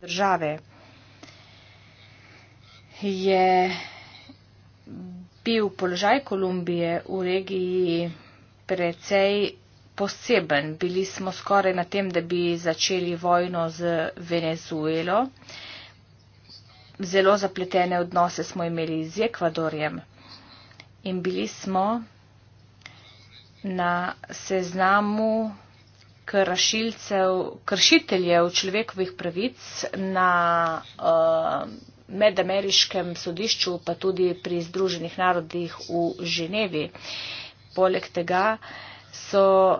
države je bil položaj Kolumbije v regiji precej poseben. Bili smo skoraj na tem, da bi začeli vojno z Venezuelo. Zelo zapletene odnose smo imeli z Ekvadorjem in bili smo na seznamu kršilcev, kršiteljev človekovih pravic na uh, medameriškem sodišču, pa tudi pri Združenih narodih v Ženevi. Poleg tega so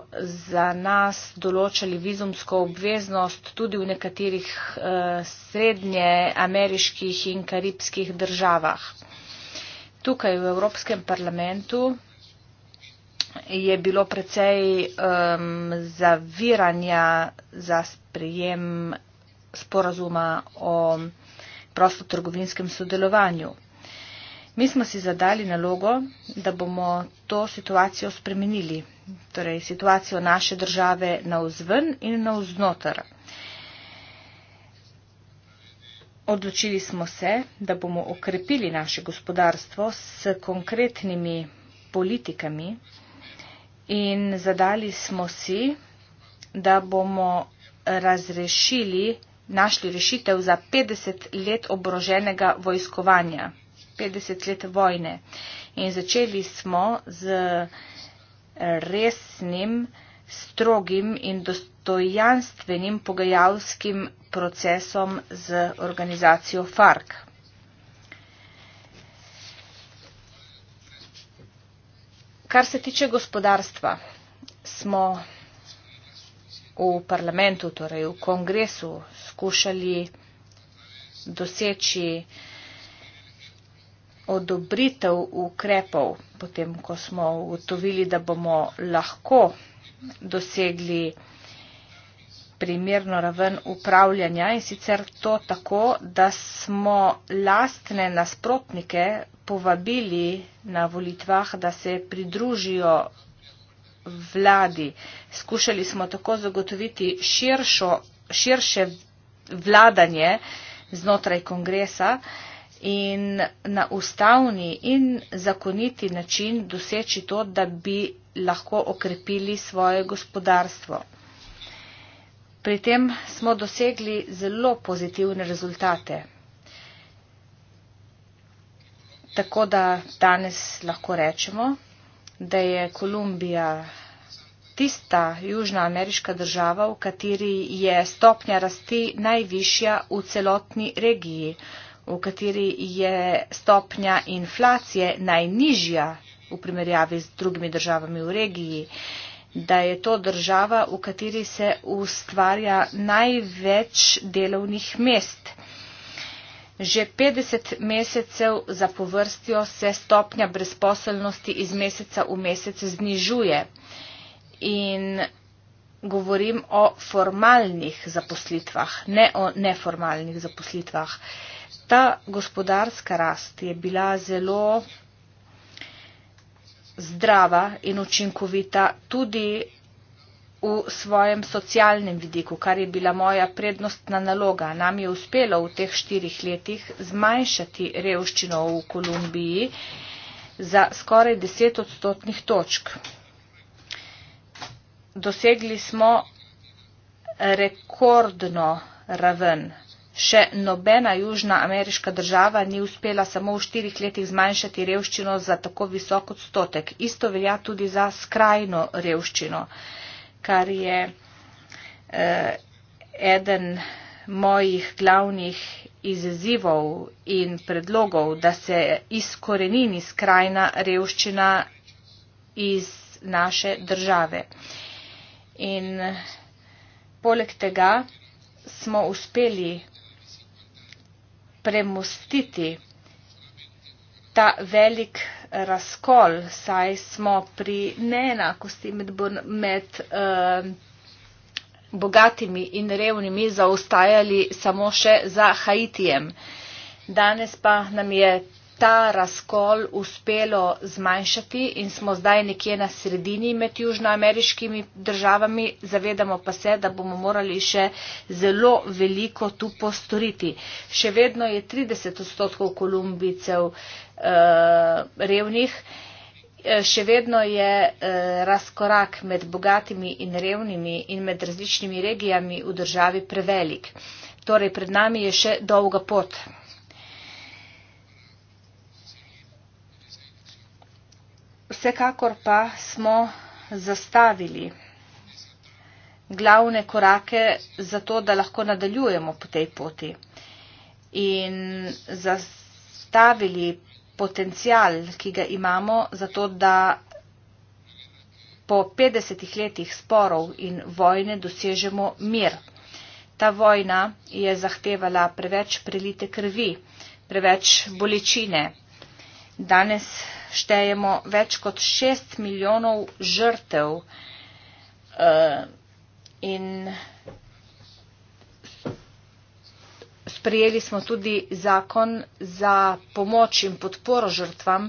za nas določali vizumsko obveznost tudi v nekaterih uh, eh, srednje ameriških in karibskih državah. Tukaj v Evropskem parlamentu je bilo precej um, zaviranja za sprejem sporazuma o prostotrgovinskem sodelovanju. Mi smo si zadali nalogo, da bomo to situacijo spremenili, torej situacijo naše države navzven in navznotr. Odločili smo se, da bomo okrepili naše gospodarstvo s konkretnimi politikami, In zadali smo si, da bomo razrešili, našli rešitev za 50 let obroženega vojskovanja, 50 let vojne. In začeli smo z resnim, strogim in dostojanstvenim pogajalskim procesom z organizacijo FARC. Kar se tiče gospodarstva, smo v parlamentu, torej v kongresu, skušali doseči odobritev ukrepov, potem ko smo ugotovili, da bomo lahko dosegli primerno raven upravljanja in sicer to tako, da smo lastne nasprotnike povabili na volitvah, da se pridružijo vladi. Skušali smo tako zagotoviti širšo, širše vladanje znotraj kongresa in na ustavni in zakoniti način doseči to, da bi lahko okrepili svoje gospodarstvo. Pri tem smo dosegli zelo pozitivne rezultate. Tako da danes lahko rečemo, da je Kolumbija tista južna ameriška država, v kateri je stopnja rasti najvišja v celotni regiji, v kateri je stopnja inflacije najnižja v primerjavi z drugimi državami v regiji, da je to država, v kateri se ustvarja največ delovnih mest. Že 50 mesecev za povrstjo se stopnja brezposelnosti iz meseca v mesec znižuje. In govorim o formalnih zaposlitvah, ne o neformalnih zaposlitvah. Ta gospodarska rast je bila zelo zdrava in učinkovita tudi v svojem socialnem vidiku, kar je bila moja prednostna naloga. Nam je uspelo v teh štirih letih zmanjšati revščino v Kolumbiji za skoraj deset odstotnih točk. Dosegli smo rekordno raven. Še nobena južna ameriška država ni uspela samo v štirih letih zmanjšati revščino za tako visok odstotek. Isto velja tudi za skrajno revščino kar je eh, eden mojih glavnih izzivov in predlogov, da se izkorenini skrajna revščina iz naše države. In poleg tega smo uspeli premostiti ta velik razkol, saj smo pri neenakosti med, med eh, bogatimi in revnimi zaostajali samo še za Haitijem. Danes pa nam je ta razkol uspelo zmanjšati in smo zdaj nekje na sredini med južnoameriškimi državami. Zavedamo pa se, da bomo morali še zelo veliko tu postoriti. Še vedno je 30 odstotkov kolumbicev eh, uh, revnih. Eh, še vedno je uh, razkorak med bogatimi in revnimi in med različnimi regijami v državi prevelik. Torej, pred nami je še dolga pot. Vsekakor pa smo zastavili glavne korake za to, da lahko nadaljujemo po tej poti. In zastavili potencial, ki ga imamo, zato da po 50 letih sporov in vojne dosežemo mir. Ta vojna je zahtevala preveč prelite krvi, preveč bolečine. Danes štejemo več kot 6 milijonov žrtev uh, in Sprejeli smo tudi zakon za pomoč in podporo žrtvam,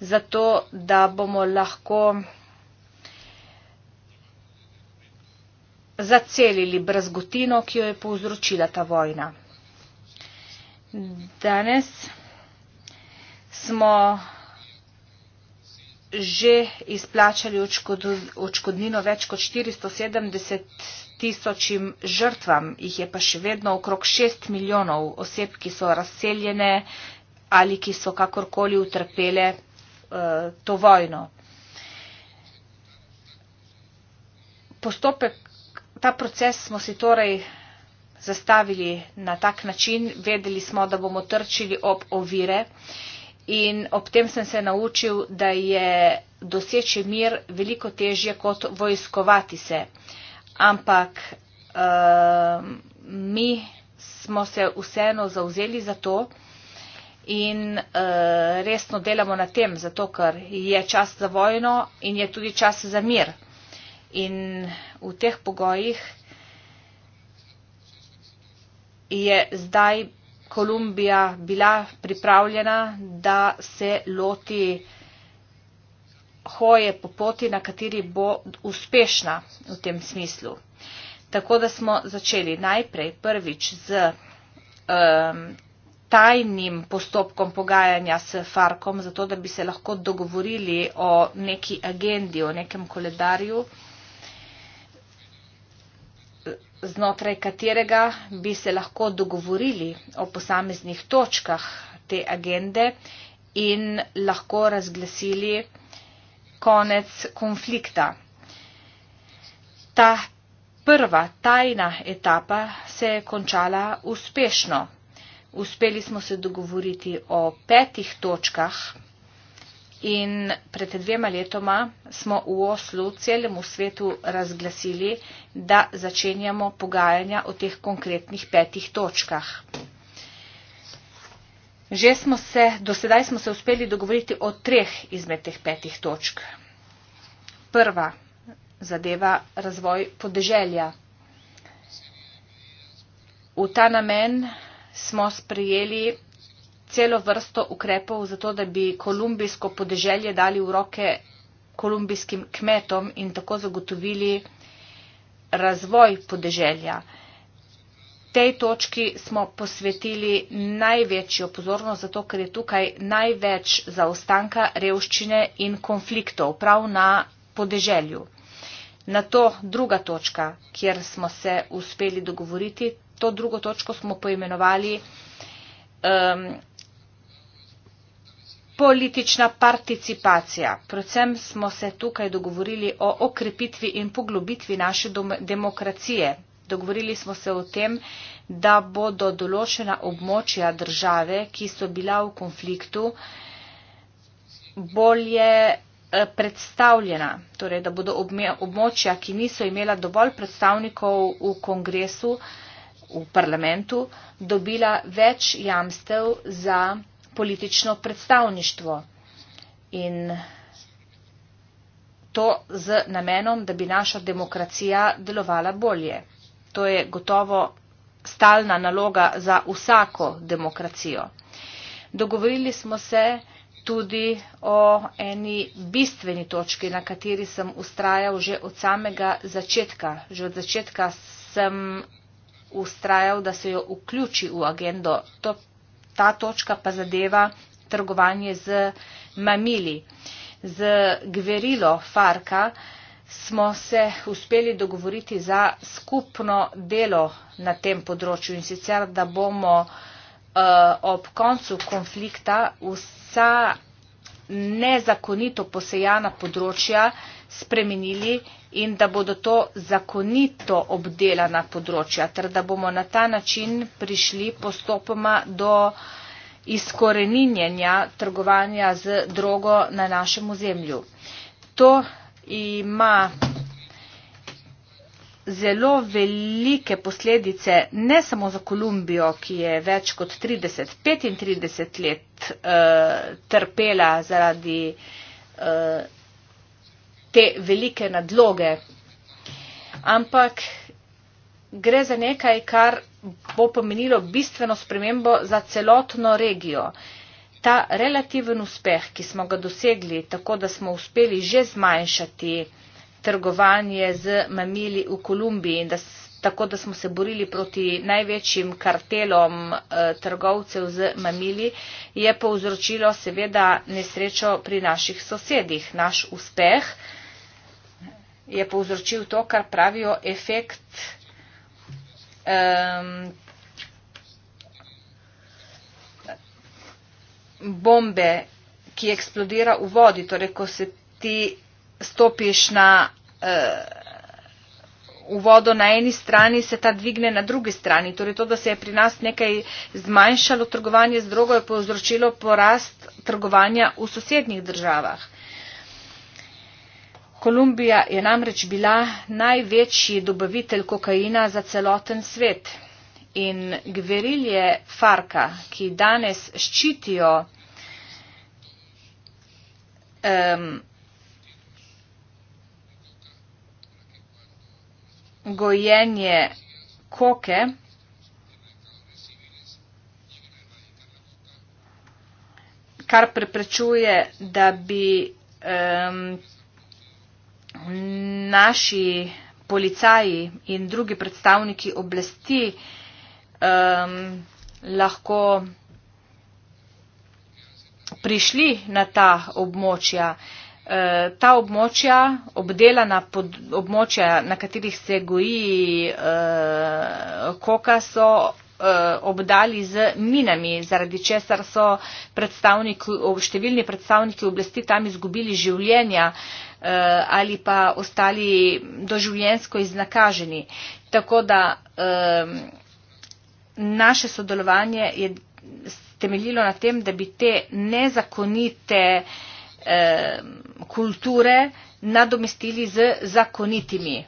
zato da bomo lahko zacelili brazgotino, ki jo je povzročila ta vojna. Danes smo že izplačali očkodnino več kot 470 tisočim žrtvam, jih je pa še vedno okrog 6 milijonov oseb, ki so razseljene ali ki so kakorkoli utrpele uh, to vojno. Postopek, ta proces smo si torej zastavili na tak način, vedeli smo, da bomo trčili ob ovire. Uh, in ob tem sem se naučil, da je doseči mir veliko težje kot vojskovati se. Ampak uh, mi smo se vseeno zauzeli za to in uh, resno delamo na tem, zato ker je čas za vojno in je tudi čas za mir. In v teh pogojih je zdaj Kolumbija bila pripravljena, da se loti hoje po poti, na kateri bo uspešna v tem smislu. Tako da smo začeli najprej prvič z um, tajnim postopkom pogajanja s Farkom, zato da bi se lahko dogovorili o neki agendi, o nekem koledarju znotraj katerega bi se lahko dogovorili o posameznih točkah te agende in lahko razglasili konec konflikta. Ta prva tajna etapa se je končala uspešno. Uspeli smo se dogovoriti o petih točkah In pred dvema letoma smo v Oslu celemu svetu razglasili, da začenjamo pogajanja o teh konkretnih petih točkah. Že smo se, do sedaj smo se uspeli dogovoriti o treh izmed teh petih točk. Prva zadeva razvoj podeželja. V ta namen smo sprejeli celo vrsto ukrepov za to, da bi kolumbijsko podeželje dali v roke kolumbijskim kmetom in tako zagotovili razvoj podeželja. Tej točki smo posvetili največjo pozornost, zato ker je tukaj največ zaostanka revščine in konfliktov prav na podeželju. Na to druga točka, kjer smo se uspeli dogovoriti, to drugo točko smo poimenovali um, politična participacija. Predvsem smo se tukaj dogovorili o okrepitvi in poglobitvi naše demokracije. Dogovorili smo se o tem, da bodo določena območja države, ki so bila v konfliktu, bolje eh, predstavljena, torej da bodo območja, ki niso imela dovolj predstavnikov v kongresu, v parlamentu, dobila več jamstev za politično predstavništvo in to z namenom, da bi naša demokracija delovala bolje. To je gotovo stalna naloga za vsako demokracijo. Dogovorili smo se tudi o eni bistveni točki, na kateri sem ustrajal že od samega začetka. Že od začetka sem ustrajal, da se jo vključi v agendo. To ta točka pa zadeva trgovanje z mamili. Z gverilo Farka smo se uspeli dogovoriti za skupno delo na tem področju in sicer, da bomo uh, ob koncu konflikta vsa nezakonito posejana področja uh, spremenili in da bodo to zakonito obdelana področja, ter da bomo na ta način prišli postopoma do izkoreninjenja trgovanja z drogo na našem ozemlju. To ima zelo velike posledice ne samo za Kolumbijo, ki je več kot 30-35 let uh, trpela zaradi uh, te velike nadloge. Ampak gre za nekaj, kar bo pomenilo bistveno spremembo za celotno regijo. Ta relativen uspeh, ki smo ga dosegli, tako da smo uspeli že zmanjšati trgovanje z mamili v Kolumbiji in da, tako da smo se borili proti največjim kartelom eh, trgovcev z mamili, je povzročilo seveda nesrečo pri naših sosedih. Naš uspeh eh, je povzročil to, kar pravijo efekt um, bombe, ki eksplodira v vodi. Torej, ko se ti stopiš na, uh, v vodo na eni strani, se ta dvigne na drugi strani. Torej, to, da se je pri nas nekaj zmanjšalo trgovanje z drogo, je povzročilo porast trgovanja v sosednjih državah kolumbija je namreč bila največji dobavitelj kokaina za celoten svet in gverilje farka ki danes ščitijo um, gojenje koke kar preprečuje da bi um, naši policaji in drugi predstavniki oblasti um, lahko prišli na ta območja. E, ta območja, obdelana pod, območja, na katerih se goji e, koka, so Eh, obdali z minami, zaradi česar so predstavniki, številni predstavniki oblasti tam izgubili življenja eh, ali pa ostali doživljensko iznakaženi. Tako da eh, naše sodelovanje je temeljilo na tem, da bi te nezakonite kulture nadomestili z zakonitimi.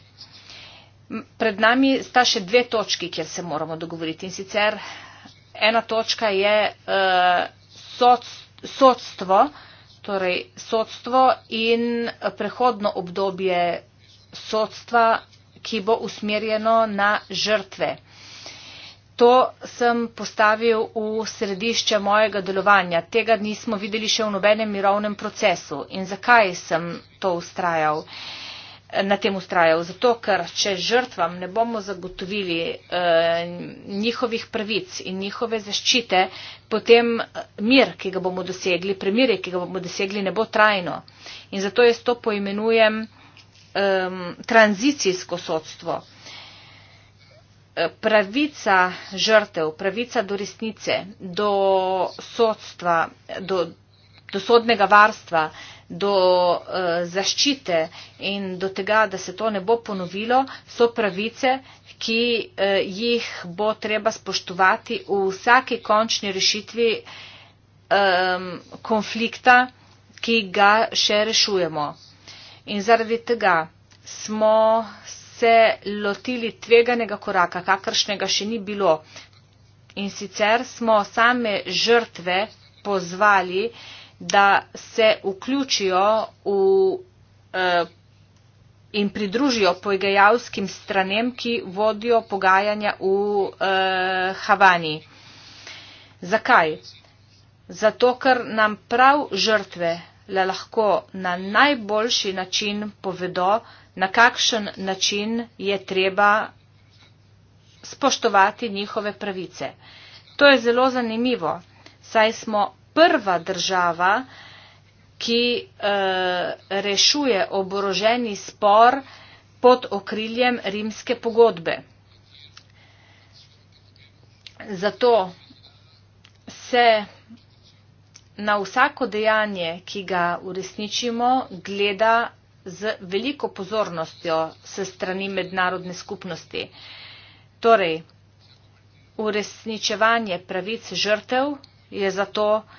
Pred nami sta še dve točki, kjer se moramo dogovoriti. In sicer ena točka je uh, sodstvo, torej sodstvo in prehodno obdobje sodstva, ki bo usmerjeno na žrtve. To sem postavil v središče mojega delovanja. Tega nismo videli še v nobenem mirovnem procesu. In zakaj sem to ustrajal? Uh, na tem ustrajal. Zato, ker če žrtvam ne bomo zagotovili eh, njihovih pravic in njihove zaščite, potem eh, mir, ki ga bomo dosegli, premirje, ki ga bomo dosegli, ne bo trajno. In zato jaz to poimenujem eh, tranzicijsko sodstvo. Pravica žrtev, pravica do resnice, do sodstva, do do sodnega varstva, do uh, zaščite in do tega, da se to ne bo ponovilo, so pravice, ki uh, jih bo treba spoštovati v vsaki končni rešitvi um, konflikta, ki ga še rešujemo. In zaradi tega smo se lotili tveganega koraka, kakršnega še ni bilo. In sicer smo same žrtve pozvali, da se vključijo v, eh, in pridružijo pojgajalskim stranem, ki vodijo pogajanja v eh, Havani. Zakaj? Zato, ker nam prav žrtve le lahko na najboljši način povedo, na kakšen način je treba spoštovati njihove pravice. To je zelo zanimivo, saj smo prva država, ki eh, rešuje oboroženi spor pod okriljem rimske pogodbe. Zato se na vsako dejanje, ki ga uresničimo, gleda z veliko pozornostjo se strani mednarodne skupnosti. Torej, uresničevanje pravic žrtev je zato, da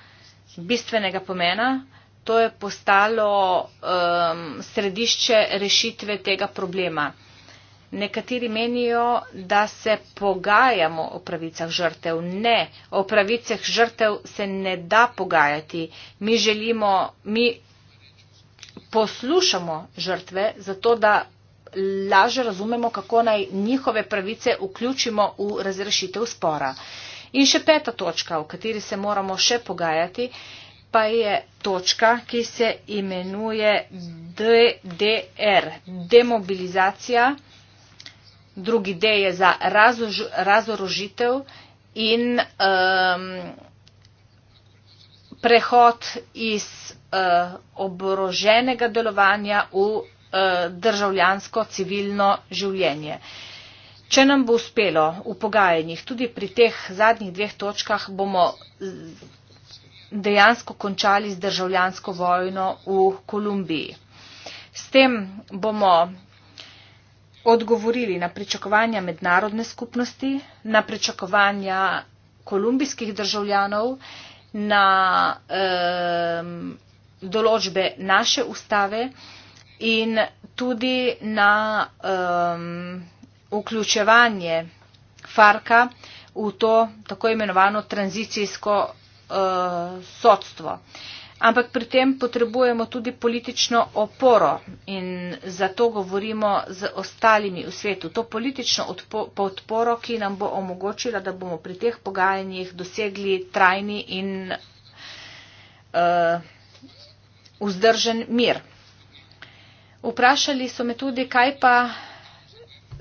bistvenega pomena. To je postalo um, središče rešitve tega problema. Nekateri menijo, da se pogajamo o pravicah žrtev. Ne, o pravicah žrtev se ne da pogajati. Mi želimo, mi poslušamo žrtve, zato da laže razumemo, kako naj njihove pravice vključimo v razrešitev spora. Uh, In še peta točka, o kateri se moramo še pogajati, pa je točka, ki se imenuje DDR, demobilizacija, drugi D je za razož, razorožitev in um, prehod iz uh, oboroženega delovanja v uh, državljansko civilno življenje. Uh, Če nam bo uspelo v pogajanjih tudi pri teh zadnjih dveh točkah, bomo dejansko končali z državljansko vojno v Kolumbiji. S tem bomo odgovorili na pričakovanja mednarodne skupnosti, na pričakovanja kolumbijskih državljanov, na eh, določbe naše ustave in tudi na. Eh, vključevanje Farka v to tako imenovano tranzicijsko uh, sodstvo. Ampak pri tem potrebujemo tudi politično oporo in zato govorimo z ostalimi v svetu. To politično podporo, ki nam bo omogočila, da bomo pri teh pogajanjih dosegli trajni in uh, vzdržen mir. Vprašali so me tudi, kaj pa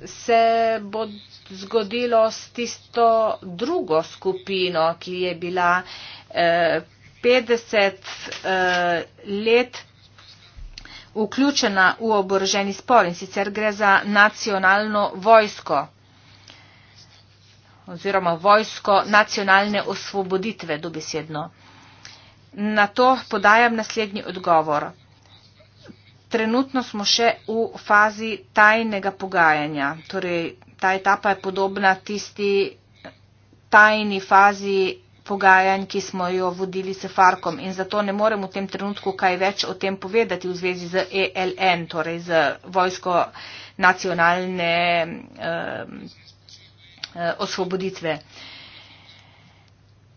se bo zgodilo s tisto drugo skupino, ki je bila eh, 50 eh, let vključena v oboroženi spor in sicer gre za nacionalno vojsko oziroma vojsko nacionalne osvoboditve dobesedno. Na to podajam naslednji odgovor trenutno smo še v fazi tajnega pogajanja. Torej, ta etapa je podobna tisti tajni fazi pogajanj, ki smo jo vodili s Farkom in zato ne morem v tem trenutku kaj več o tem povedati v zvezi z ELN, torej z vojsko nacionalne eh, osvoboditve.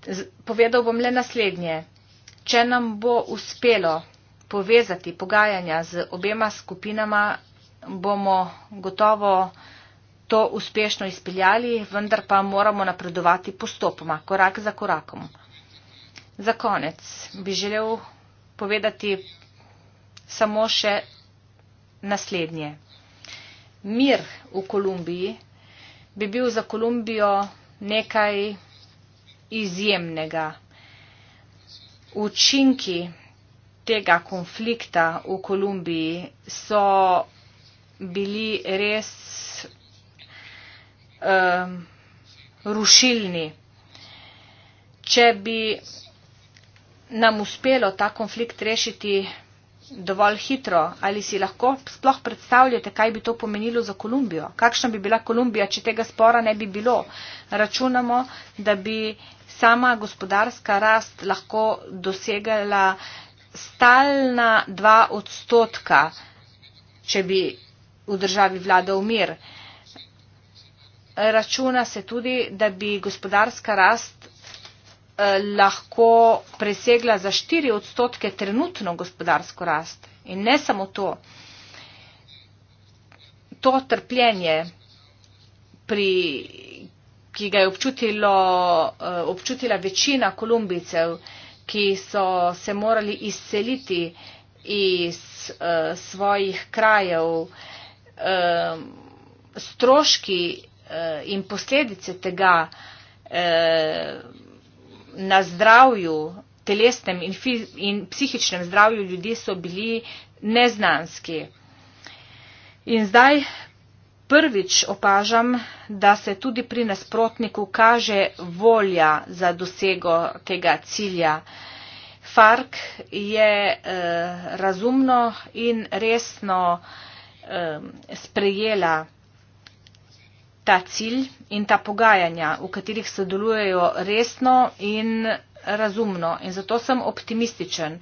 Z, povedal bom le naslednje. Če nam bo uspelo povezati pogajanja z obema skupinama, bomo gotovo to uspešno izpeljali, vendar pa moramo napredovati postopoma, korak za korakom. Za konec bi želel povedati samo še naslednje. Mir v Kolumbiji bi bil za Kolumbijo nekaj izjemnega. Učinki tega konflikta v Kolumbiji so bili res um, rušilni. Če bi nam uspelo ta konflikt rešiti dovolj hitro, ali si lahko sploh predstavljate, kaj bi to pomenilo za Kolumbijo? Kakšna bi bila Kolumbija, če tega spora ne bi bilo? Računamo, da bi sama gospodarska rast lahko dosegala stalna dva odstotka, če bi v državi vladal mir. Računa se tudi, da bi gospodarska rast eh, lahko presegla za 4 odstotke trenutno gospodarsko rast. In ne samo to. To trpljenje, pri, ki ga je občutilo, eh, občutila večina kolumbijcev, ki so se morali izseliti iz uh, svojih krajev. Um, stroški uh, in posledice tega uh, na zdravju, telesnem in, in psihičnem zdravju ljudi so bili neznanski. In zdaj, prvič opažam, da se tudi pri nasprotniku kaže volja za dosego tega cilja. FARC je eh, razumno in resno eh, sprejela ta cilj in ta pogajanja, v katerih sodelujejo resno in razumno. In zato sem optimističen. Eh,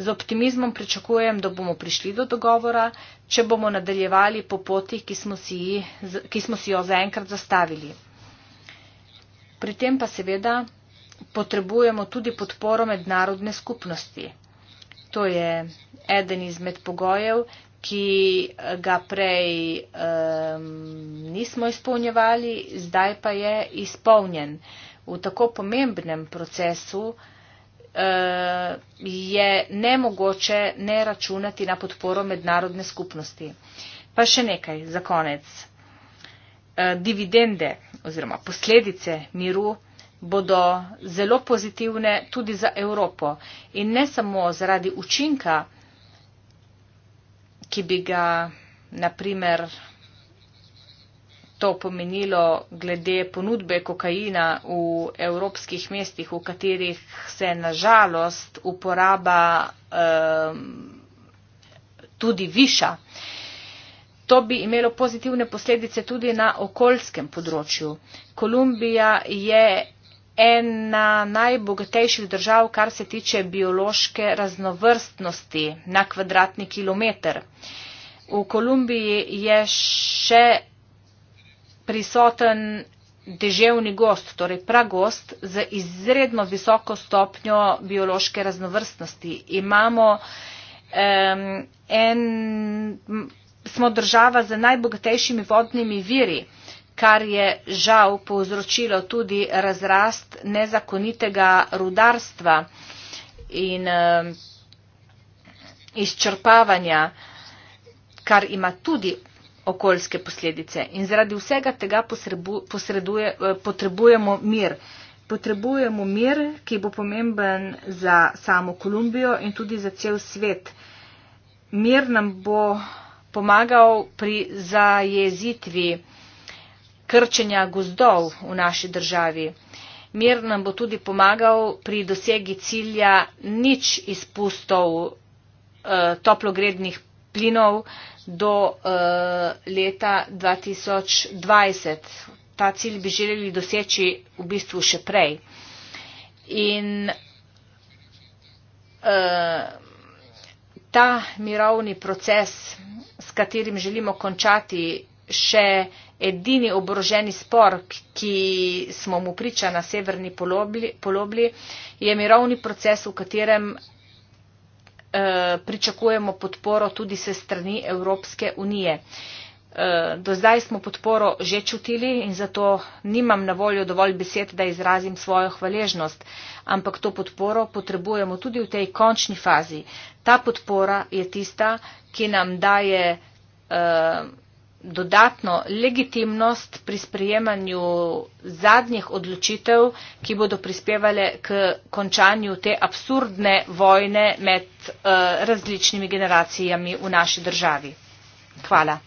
Z optimizmom pričakujem, da bomo prišli do dogovora, če bomo nadaljevali po poti, ki smo si, ki smo si jo zaenkrat zastavili. Pri tem pa seveda potrebujemo tudi podporo mednarodne skupnosti. To je eden izmed pogojev, ki eh, ga prej um, nismo izpolnjevali, zdaj pa je izpolnjen. V tako pomembnem procesu uh, Eh, je nemogoče ne računati na podporo mednarodne skupnosti. Pa še nekaj za konec. Eh, dividende oziroma posledice miru bodo zelo pozitivne tudi za Evropo in ne samo zaradi učinka, ki bi ga naprimer to pomenilo glede ponudbe kokaina v evropskih mestih, v katerih se nažalost uporaba um, tudi viša. To bi imelo pozitivne posledice tudi na okoljskem področju. Kolumbija je ena najbogatejših držav, kar se tiče biološke raznovrstnosti na kvadratni kilometr. V Kolumbiji je še prisoten deževni gost, torej pragost, z izredno visoko stopnjo biološke raznovrstnosti. Imamo um, en, smo država z najbogatejšimi vodnimi viri, kar je žal povzročilo tudi razrast nezakonitega rudarstva in um, izčrpavanja, kar ima tudi okoljske posledice. In zaradi vsega tega posreduje, eh, potrebujemo mir. Potrebujemo mir, ki bo pomemben za samo Kolumbijo in tudi za cel svet. Mir nam bo pomagal pri zajezitvi krčenja gozdov v naši državi. Mir nam bo tudi pomagal pri dosegi cilja nič izpustov eh, toplogrednih plinov do eh, leta 2020. Ta cilj bi želeli doseči v bistvu še prej. In eh, ta mirovni proces, s katerim želimo končati še edini oboroženi spor, ki smo mu priča na severni polobli, polobli je mirovni proces, v katerem Eh, pričakujemo podporo tudi se strani Evropske unije. Eh, do zdaj smo podporo že čutili in zato nimam na voljo dovolj besed, da izrazim svojo hvaležnost, ampak to podporo potrebujemo tudi v tej končni fazi. Ta podpora je tista, ki nam daje. Uh, dodatno legitimnost pri sprejemanju zadnjih odločitev, ki bodo prispevale k končanju te absurdne vojne med eh, različnimi generacijami v naši državi. Hvala.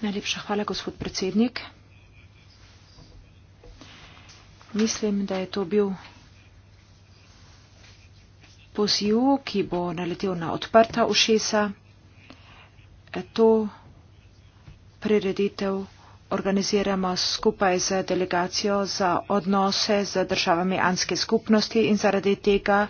Najlepša hvala, gospod predsednik. Mislim, da je to bil poziv, ki bo naletel na odprta ušesa, to prireditev organiziramo skupaj z delegacijo za odnose z državami Anske skupnosti in zaradi tega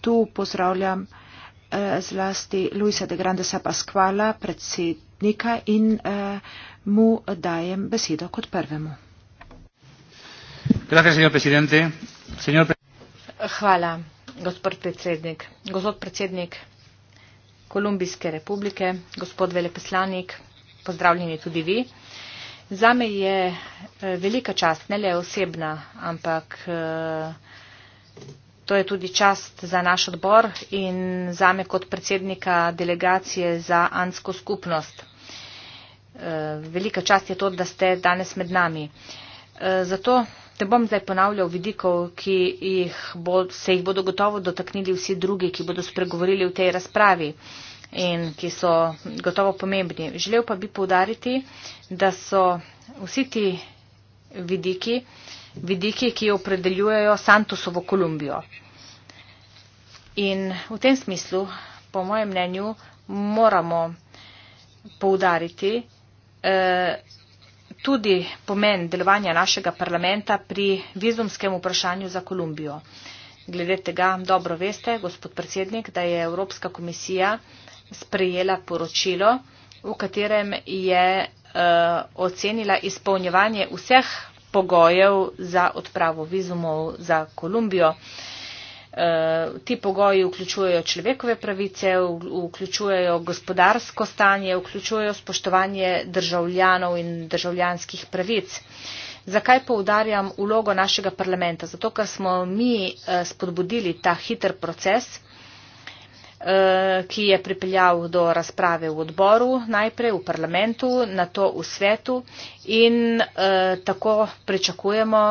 tu pozdravljam eh, zlasti Luisa de Grandesa Pasquala, predsednika in eh, mu dajem besedo kot prvemu. Gracias, señor presidente. Señor... Hvala, gospod predsednik, gospod predsednik Kolumbijske republike, gospod veleposlanik, pozdravljeni tudi vi. Zame je eh, velika čast, ne le osebna, ampak eh, to je tudi čast za naš odbor in zame kot predsednika delegacije za Ansko skupnost. Eh, velika čast je to, da ste danes med nami. Zato Ne bom zdaj ponavljal vidikov, ki jih bo, se jih bodo gotovo dotaknili vsi drugi, ki bodo spregovorili v tej razpravi in ki so gotovo pomembni. Želel pa bi poudariti, da so vsi ti vidiki, vidiki, ki opredeljujejo Santosovo Kolumbijo. In v tem smislu, po mojem mnenju, moramo poudariti, eh, tudi pomen delovanja našega parlamenta pri vizumskem vprašanju za Kolumbijo. Glede tega dobro veste, gospod predsednik, da je Evropska komisija sprejela poročilo, v katerem je uh, ocenila izpolnjevanje vseh pogojev za odpravo vizumov za Kolumbijo. Uh, Eh, ti pogoji vključujejo človekove pravice, vključujejo gospodarsko stanje, vključujejo spoštovanje državljanov in državljanskih pravic. Zakaj poudarjam ulogo našega parlamenta? Zato, ker smo mi eh, spodbudili ta hiter proces, eh, ki je pripeljal do razprave v odboru, najprej v parlamentu, na to v svetu in tako pričakujemo,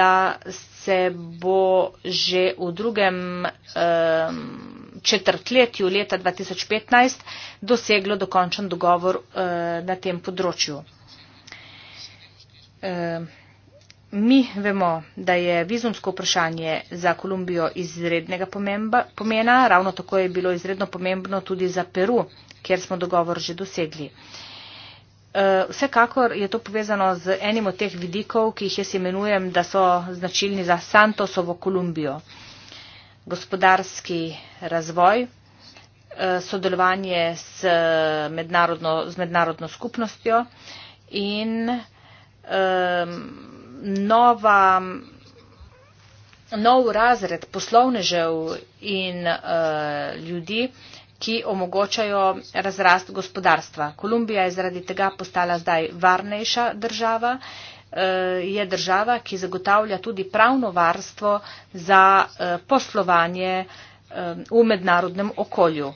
da se se bo že v drugem um, četrtletju leta 2015 doseglo dokončen dogovor uh, na tem področju. Um, mi vemo, da je vizumsko vprašanje za Kolumbijo izrednega pomemba, pomena, ravno tako je bilo izredno pomembno tudi za Peru, kjer smo dogovor že dosegli. Uh, Eh, vsekakor je to povezano z enim od teh vidikov, ki jih jaz imenujem, da so značilni za Santosovo Kolumbijo. Gospodarski razvoj, eh, sodelovanje s mednarodno, z mednarodno skupnostjo in um, nova, nov razred poslovnežev in uh, ljudi, uh, ki omogočajo razrast gospodarstva. Kolumbija je zaradi tega postala zdaj varnejša država, eh, je država, ki zagotavlja tudi pravno varstvo za eh, poslovanje eh, v mednarodnem okolju.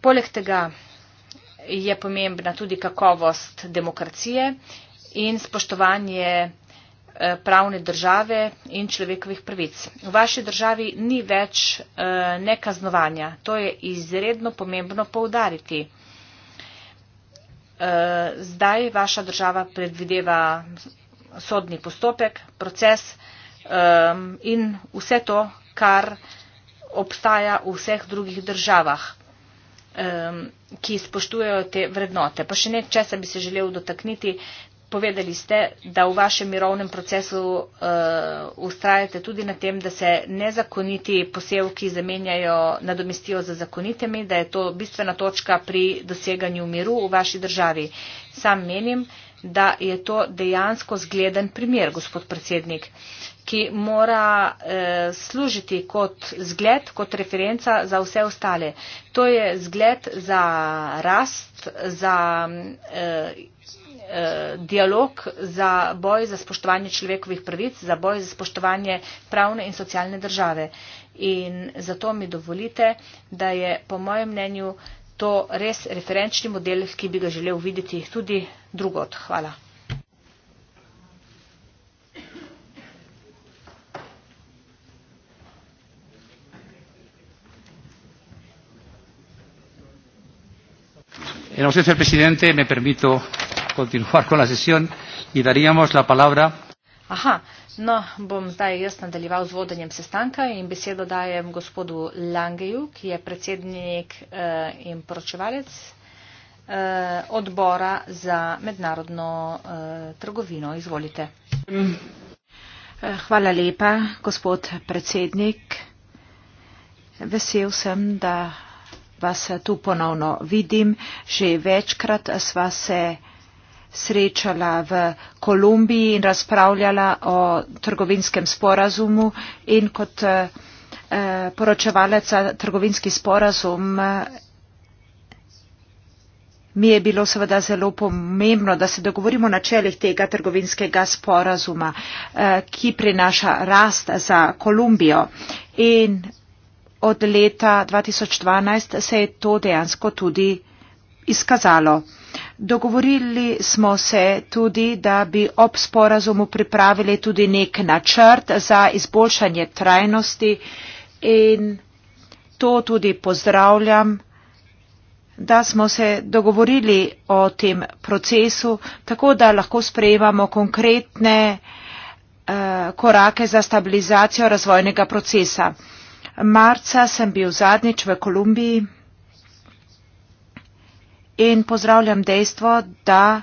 Poleg tega je pomembna tudi kakovost demokracije in spoštovanje Eh, pravne države in človekovih pravic. V vaši državi ni več eh, nekaznovanja. To je izredno pomembno poudariti. Eh, zdaj vaša država predvideva sodni postopek, proces in vse to, kar obstaja v vseh drugih državah, ki spoštujejo te vrednote. Pa še nekaj, če se bi se želel dotakniti, Povedali ste, da v vašem mirovnem procesu uh, ustrajate tudi na tem, da se nezakoniti posevki zamenjajo, nadomestijo za zakonitimi, da je to bistvena točka pri doseganju miru v vaši državi. Sam menim, da je to dejansko zgleden primer, gospod predsednik, ki mora uh, služiti kot zgled, kot referenca za vse ostale. To je zgled za rast, za. Uh, Eh, dialog za boj za spoštovanje človekovih pravic, za boj za spoštovanje pravne in socialne države. In zato mi dovolite, da je po mojem mnenju to res referenčni model, ki bi ga želel videti tudi drugot. Hvala. Gracias, eh, no señor presidente. Me permito continuar con la sesión y daríamos la palabra. Aha, no, bom zdaj jaz nadaljeval z vodenjem sestanka in besedo dajem gospodu Langeju, ki je predsednik eh, in poročevalec eh, odbora za mednarodno eh, trgovino. Izvolite. Eh, hvala lepa, gospod predsednik. Vesel sem, da vas tu ponovno vidim. Že večkrat sva se srečala v Kolumbiji in razpravljala o trgovinskem sporazumu in kot eh, eh, poročevalec za trgovinski sporazum eh, mi je bilo seveda zelo pomembno, da se dogovorimo o načelih tega trgovinskega sporazuma, ki prinaša rast za Kolumbijo. In od leta 2012 se je to dejansko tudi izkazalo. Dogovorili smo se tudi, da bi ob sporazumu pripravili tudi nek načrt za izboljšanje trajnosti in to tudi pozdravljam da smo se dogovorili o tem procesu, tako da lahko sprejemamo konkretne uh, korake za stabilizacijo razvojnega procesa. Marca sem bil zadnjič v Kolumbiji in pozdravljam dejstvo, da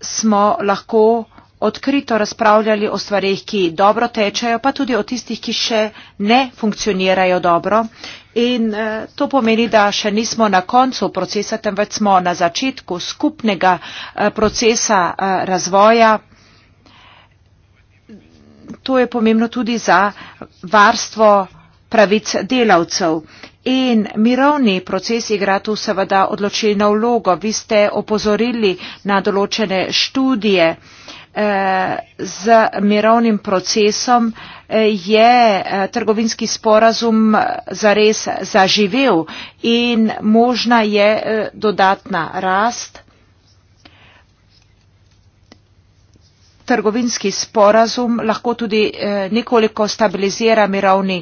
smo lahko odkrito razpravljali o stvarih, ki dobro tečejo, pa tudi o tistih, ki še ne funkcionirajo dobro. In eh, to pomeni, da še nismo na koncu procesa, temveč smo na začetku skupnega eh, procesa eh, razvoja. To je pomembno tudi za varstvo pravic delavcev. In mirovni proces igra tu seveda odločilno vlogo. Vi ste opozorili na določene študije eh, z mirovnim procesom eh, je eh, trgovinski sporazum zares zaživel in možna je dodatna rast. Trgovinski sporazum lahko tudi nekoliko stabilizira mirovni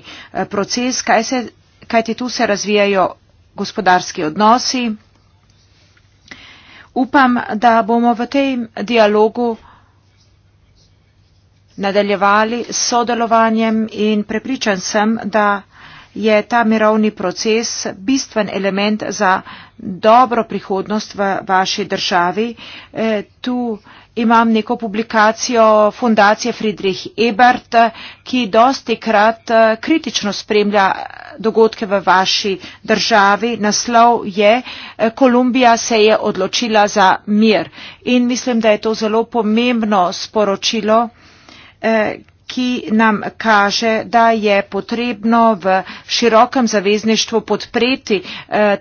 proces. Kaj se kajti tu se razvijajo gospodarski odnosi. Upam, da bomo v tem dialogu nadaljevali s sodelovanjem in prepričan sem, da je ta mirovni proces bistven element za dobro prihodnost v vaši državi. E, tu imam neko publikacijo fundacije Friedrich Ebert, ki dosti krat eh, kritično spremlja dogodke v vaši državi. Naslov je eh, Kolumbija se je odločila za mir. In mislim, da je to zelo pomembno sporočilo, eh, ki nam kaže, da je potrebno v širokem zavezništvu podpreti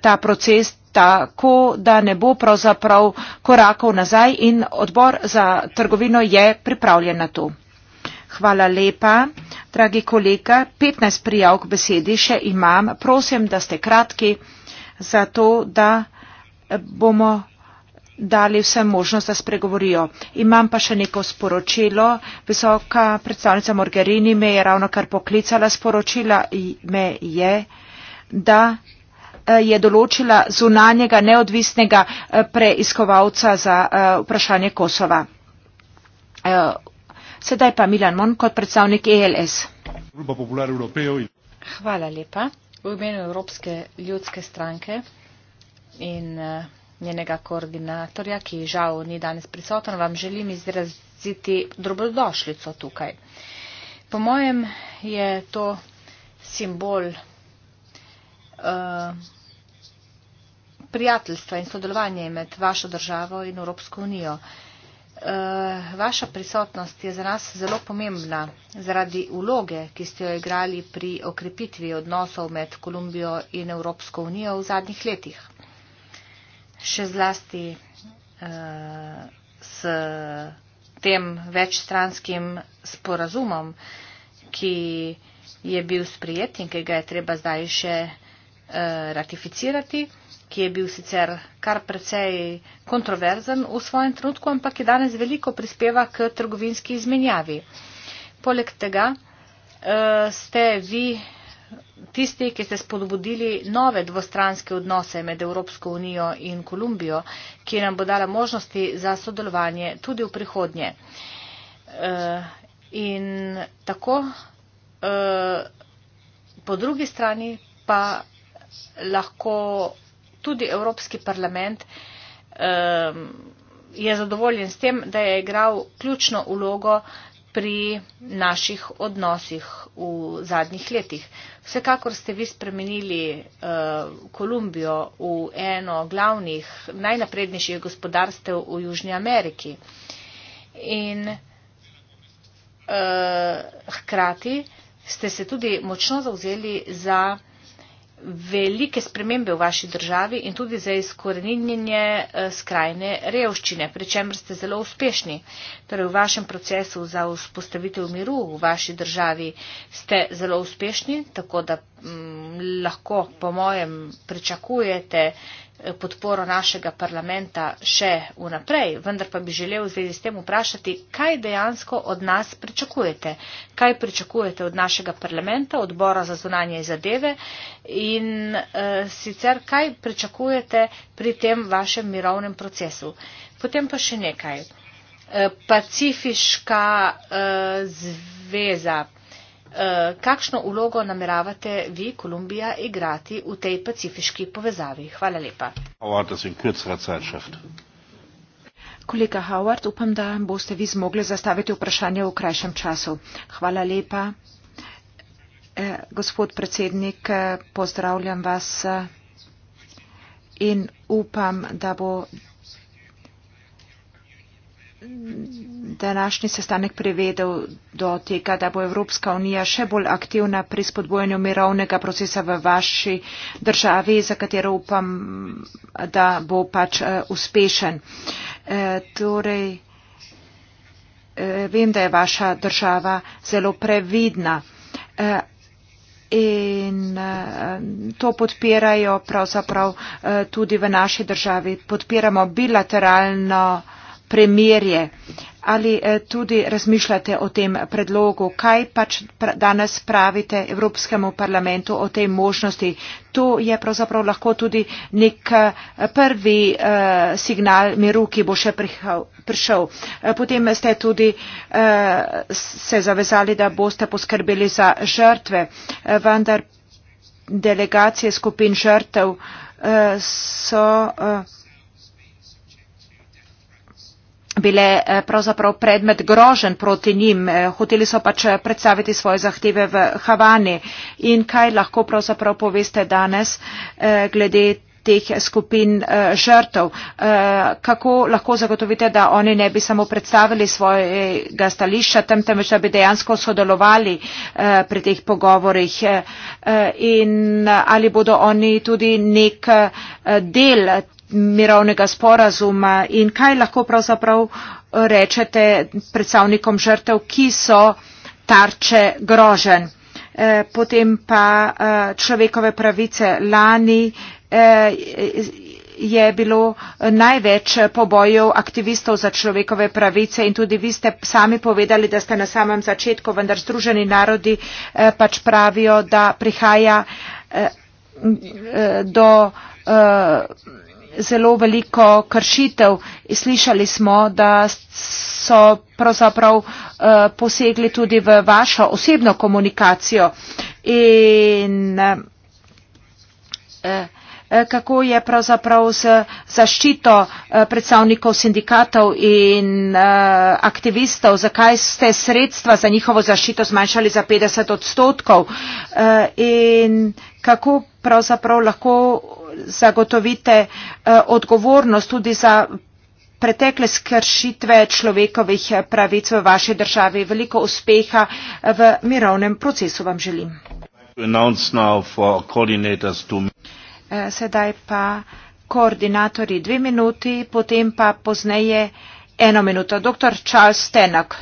ta proces tako, da ne bo pravzaprav korakov nazaj in odbor za trgovino je pripravljen na to. Hvala lepa, dragi kolega. 15 prijav k besedi še imam. Prosim, da ste kratki, zato da bomo dali vse možnost, da spregovorijo. Imam pa še neko sporočilo. Visoka predstavnica Morgerini me je ravno kar poklicala. Sporočila me je, da Eh, je določila zunanjega neodvisnega eh, preiskovalca za eh, vprašanje Kosova. Sedaj pa Milan Mon kot predstavnik ELS. Hvala lepa. V imenu Evropske ljudske stranke in njenega koordinatorja, ki žal ni danes prisoten, vam želim izraziti dobrodošljico tukaj. Po mojem je to simbol Eh, prijateljstva in sodelovanje med vašo državo in Evropsko unijo. Eh, vaša prisotnost je za nas zelo pomembna zaradi vloge, ki ste jo igrali pri okrepitvi odnosov med Kolumbijo in Evropsko unijo v zadnjih letih. Še zlasti eh, s tem večstranskim sporazumom, ki je bil sprijet in ki ga je treba zdaj še Eh, ratificirati, ki je bil sicer kar precej kontroverzen v svojem trenutku, ampak je danes veliko prispeva k trgovinski izmenjavi. Poleg tega eh, ste vi tisti, ki ste spodbudili nove dvostranske odnose med Evropsko unijo in Kolumbijo, ki nam bo dala možnosti za sodelovanje tudi v prihodnje. Eh, in tako po drugi strani pa lahko tudi Evropski parlament ehm, je zadovoljen s tem, da je igral ključno ulogo pri naših odnosih v zadnjih letih. Vsekakor ste vi spremenili eh, Kolumbijo v eno glavnih, najnaprednejših gospodarstev v Južnji Ameriki. In eh, hkrati ste se tudi močno zauzeli za velike spremembe v vaši državi in tudi za izkoreninjenje eh, skrajne revščine, pri čemer ste zelo uspešni. Torej, v vašem procesu za vzpostavitev miru v vaši državi ste zelo uspešni, tako da m, mm, lahko po mojem pričakujete, uh, podporo našega parlamenta še vnaprej, vendar pa bi želel v zvezi s tem vprašati, kaj dejansko od nas pričakujete. Kaj pričakujete od našega parlamenta, odbora za zunanje zadeve in uh, sicer kaj pričakujete pri tem vašem mirovnem procesu. Potem pa še nekaj. Uh, Pacifiška uh, zveza. Eh, kakšno ulogo nameravate vi, Kolumbija, igrati v tej pacifiški povezavi? Hvala lepa. Kolega Howard, upam, da boste vi zmogli zastaviti vprašanje v krajšem času. Hvala lepa. Eh, gospod predsednik, eh, pozdravljam vas in upam, da bo današnji sestanek privedel do tega, da bo Evropska unija še bolj aktivna pri spodbojanju mirovnega procesa v vaši državi, za katero upam, da bo pač eh, uspešen. E, torej, eh, vem, da je vaša država zelo previdna. E, In to podpirajo pravzaprav tudi v naši državi. Podpiramo bilateralno premirje. Ali eh, tudi razmišljate o tem predlogu, kaj pač danes pravite Evropskemu parlamentu o tej možnosti? To je pravzaprav lahko tudi nek eh, prvi eh, signal miru, ki bo še prišel. Potem ste tudi se zavezali, da boste poskrbeli za žrtve, vendar delegacije skupin žrtev so bile eh, pravzaprav predmet grožen proti njim. Eh, hoteli so pač eh, predstaviti svoje zahteve v Havani. In kaj lahko pravzaprav poveste danes glede teh skupin žrtev? Kako lahko zagotovite, da oni ne bi samo predstavili svojega stališča tem, temveč da bi dejansko sodelovali pri teh pogovorih? In ali bodo oni tudi nek del mirovnega sporazuma in kaj lahko pravzaprav eh, rečete predstavnikom žrtev, ki so tarče grožen. Eh, potem pa eh, človekove pravice lani je bilo največ pobojev aktivistov za človekove pravice in tudi vi ste sami povedali, da ste na samem začetku, vendar Združeni narodi pač pravijo, da prihaja do zelo veliko kršitev. Slišali smo, da so pravzaprav eh, posegli tudi v vašo osebno komunikacijo. In eh, eh, kako je pravzaprav z zaščito predstavnikov sindikatov in aktivistov, zakaj ste sredstva za njihovo zaščito zmanjšali za 50 odstotkov in kako pravzaprav lahko zagotovite eh, odgovornost tudi za pretekle skršitve človekovih eh, pravic v vaši državi. Veliko uspeha eh, v mirovnem procesu vam želim. Sedaj pa koordinatorji dve minuti, potem pa pozneje eno minuto. Dr. Charles Tenak.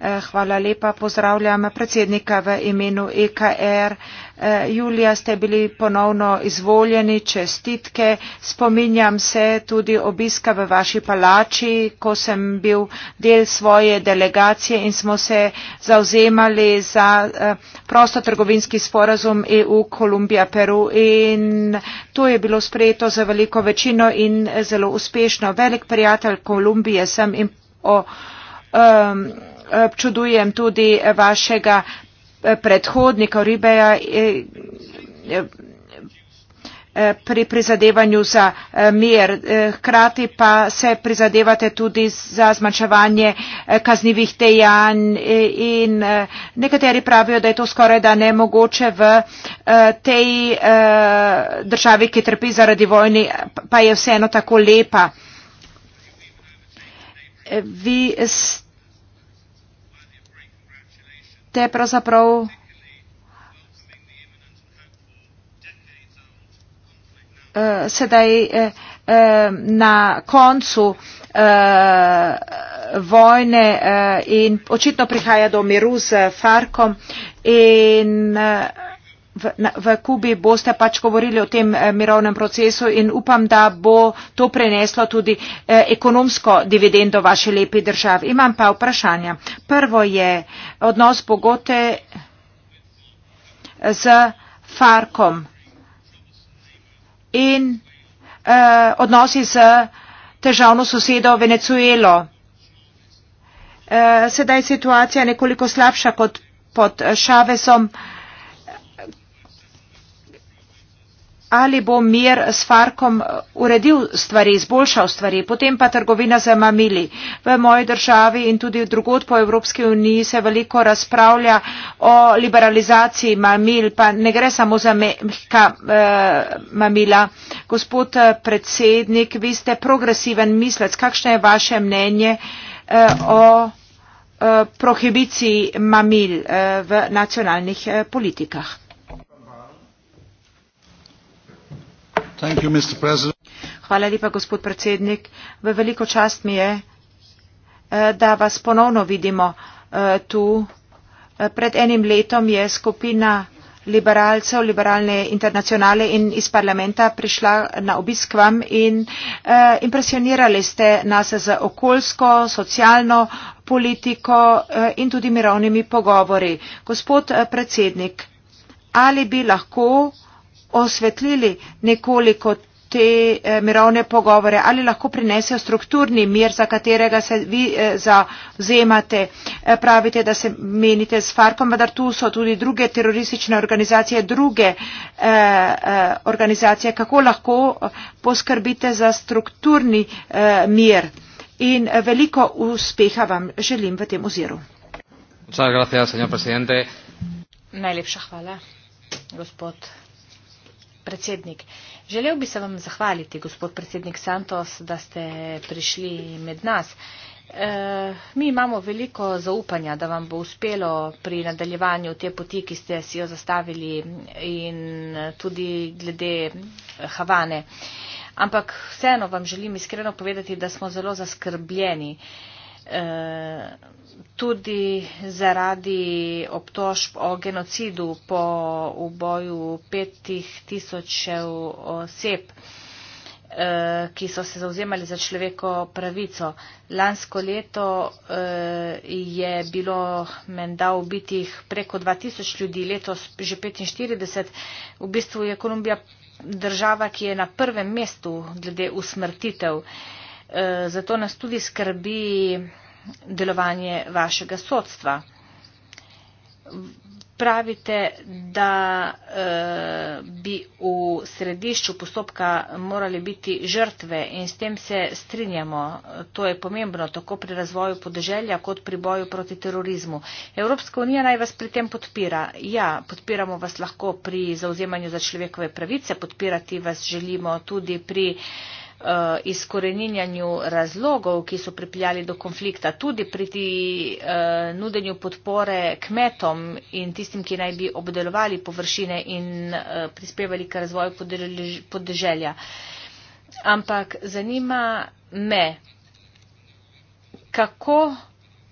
Eh, hvala lepa. Pozdravljam predsednika v imenu EKR. Eh, julija ste bili ponovno izvoljeni, čestitke. Spominjam se tudi obiska v vaši palači, ko sem bil del svoje delegacije in smo se zauzemali za eh, prostotrgovinski sporazum EU-Kolumbija-Peru in to je bilo sprejeto za veliko večino in zelo uspešno. Velik prijatelj Kolumbije sem in o. Um, občudujem eh, tudi vašega eh, predhodnika Ribeja eh, pri prizadevanju za mir. Hkrati pa se prizadevate tudi za zmanjševanje kaznivih dejanj in nekateri pravijo, da je to skoraj da nemogoče v tej državi, ki trpi zaradi vojni, pa je vseeno tako lepa. Vi ste te pravzaprav uh, sedaj uh, uh, na koncu uh, vojne uh, in očitno prihaja do miru z Farkom in uh, v, na, v Kubi boste pač govorili o tem eh, mirovnem procesu in upam, da bo to preneslo tudi eh, ekonomsko dividendo vaše lepi državi. Imam pa vprašanja. Prvo je odnos bogote z Farkom in eh, odnosi z težavno sosedo Venezuelo. Eh, sedaj je situacija nekoliko slabša kot pod Šavesom. Eh, ali bo mir s Farkom eh, uredil stvari, izboljšal stvari, potem pa trgovina za mamili. V moji državi in tudi drugod po Evropski uniji se veliko razpravlja o liberalizaciji mamil, pa ne gre samo za mehka eh, mamila. Gospod eh, predsednik, vi ste progresiven mislec. Kakšno je vaše mnenje eh, o eh, prohibiciji mamil eh, v nacionalnih eh, politikah? Hvala lepa, gospod predsednik. V veliko čast mi je, eh, da vas ponovno vidimo eh, tu. Eh, pred enim letom je skupina liberalcev, liberalne internacionale in iz parlamenta prišla na obisk vam in impresionirali ste nas z okoljsko, socialno politiko in tudi mirovnimi pogovori. Gospod predsednik, ali bi lahko osvetlili nekoliko te eh, mirovne pogovore ali lahko prinesejo strukturni mir, za katerega se vi eh, zauzemate, eh, pravite, da se menite s Farkom, vendar tu so tudi druge teroristične organizacije, druge organizacije. Kako lahko poskrbite za strukturni mir? In veliko uspeha vam želim v tem oziru. Najlepša hvala, gospod predsednik. Želel bi se vam zahvaliti, gospod predsednik Santos, da ste prišli med nas. E, mi imamo veliko zaupanja, da vam bo uspelo pri nadaljevanju te poti, ki ste si jo zastavili in tudi glede Havane. Ampak vseeno vam želim iskreno povedati, da smo zelo zaskrbljeni. E, tudi zaradi obtožb o genocidu po uboju petih tisočev oseb, eh, ki so se zauzemali za človeko pravico. Lansko leto eh, je bilo menda ubitih preko 2000 ljudi, letos že 45. V bistvu je Kolumbija država, ki je na prvem mestu glede usmrtitev. E, zato nas tudi skrbi delovanje vašega sodstva. Pravite, da e, bi v središču postopka morali biti žrtve in s tem se strinjamo. To je pomembno tako pri razvoju podeželja kot pri boju proti terorizmu. Evropska unija naj vas pri tem podpira. Ja, podpiramo vas lahko pri zauzemanju za človekove pravice, podpirati vas želimo tudi pri uh, izkoreninjanju razlogov, ki so pripeljali do konflikta, tudi pri ti, uh, nudenju podpore kmetom in tistim, ki naj bi obdelovali površine in uh, prispevali k razvoju podeželja. Ampak zanima me, kako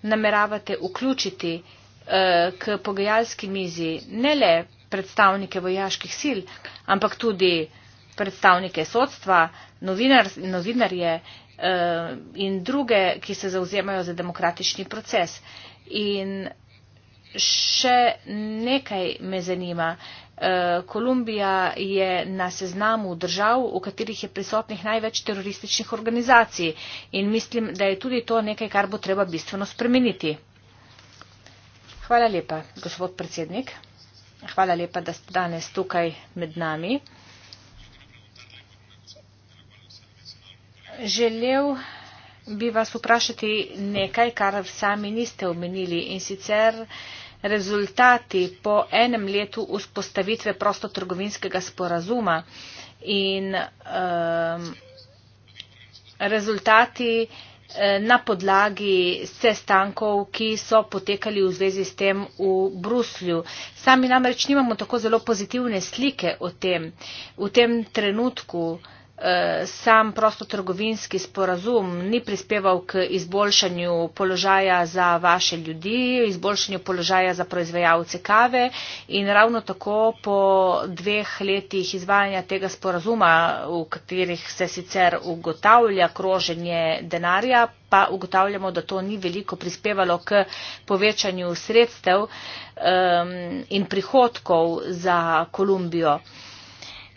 nameravate vključiti uh, k pogajalski mizi ne le predstavnike vojaških sil, ampak tudi uh, predstavnike sodstva, novinar, novinarje eh, in druge, ki se zauzemajo za demokratični proces. In še nekaj me zanima. Eh, Kolumbija je na seznamu držav, v katerih je prisotnih največ terorističnih organizacij in mislim, da je tudi to nekaj, kar bo treba bistveno spremeniti. Hvala lepa, gospod predsednik. Hvala lepa, da ste danes tukaj med nami. želel bi vas vprašati nekaj, kar sami niste omenili in sicer rezultati po enem letu vzpostavitve prostotrgovinskega sporazuma in um, rezultati eh, na podlagi sestankov, ki so potekali v zvezi s tem v Bruslju. Sami namreč nimamo tako zelo pozitivne slike o tem. V tem trenutku uh, Eh, sam prostotrgovinski sporazum ni prispeval k izboljšanju položaja za vaše ljudi, izboljšanju položaja za proizvajalce kave in ravno tako po dveh letih izvajanja tega sporazuma, v katerih se sicer ugotavlja kroženje denarja, pa ugotavljamo, da to ni veliko prispevalo k povečanju sredstev um, in prihodkov za Kolumbijo.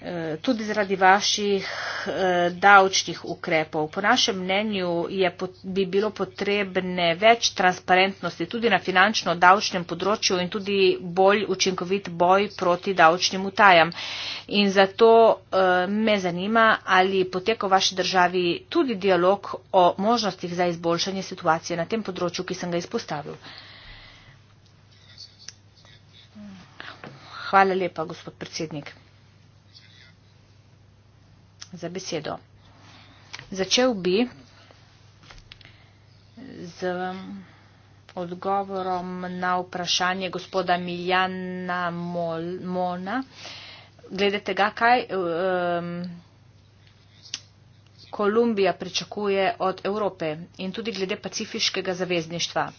Eh, tudi zaradi vaših eh, davčnih ukrepov. Po našem mnenju je, bi bilo potrebne več transparentnosti tudi na finančno-davčnem področju in tudi bolj učinkovit boj proti davčnim utajam. In zato eh, me zanima, ali poteka v vaši državi tudi dialog o možnostih za izboljšanje situacije na tem področju, ki sem ga izpostavil. Hvala lepa, gospod predsednik za besedo. Začel bi z odgovorom na vprašanje gospoda Miljana Mona, glede tega, kaj um, Kolumbija pričakuje od Evrope in tudi glede pacifiškega zavezništva.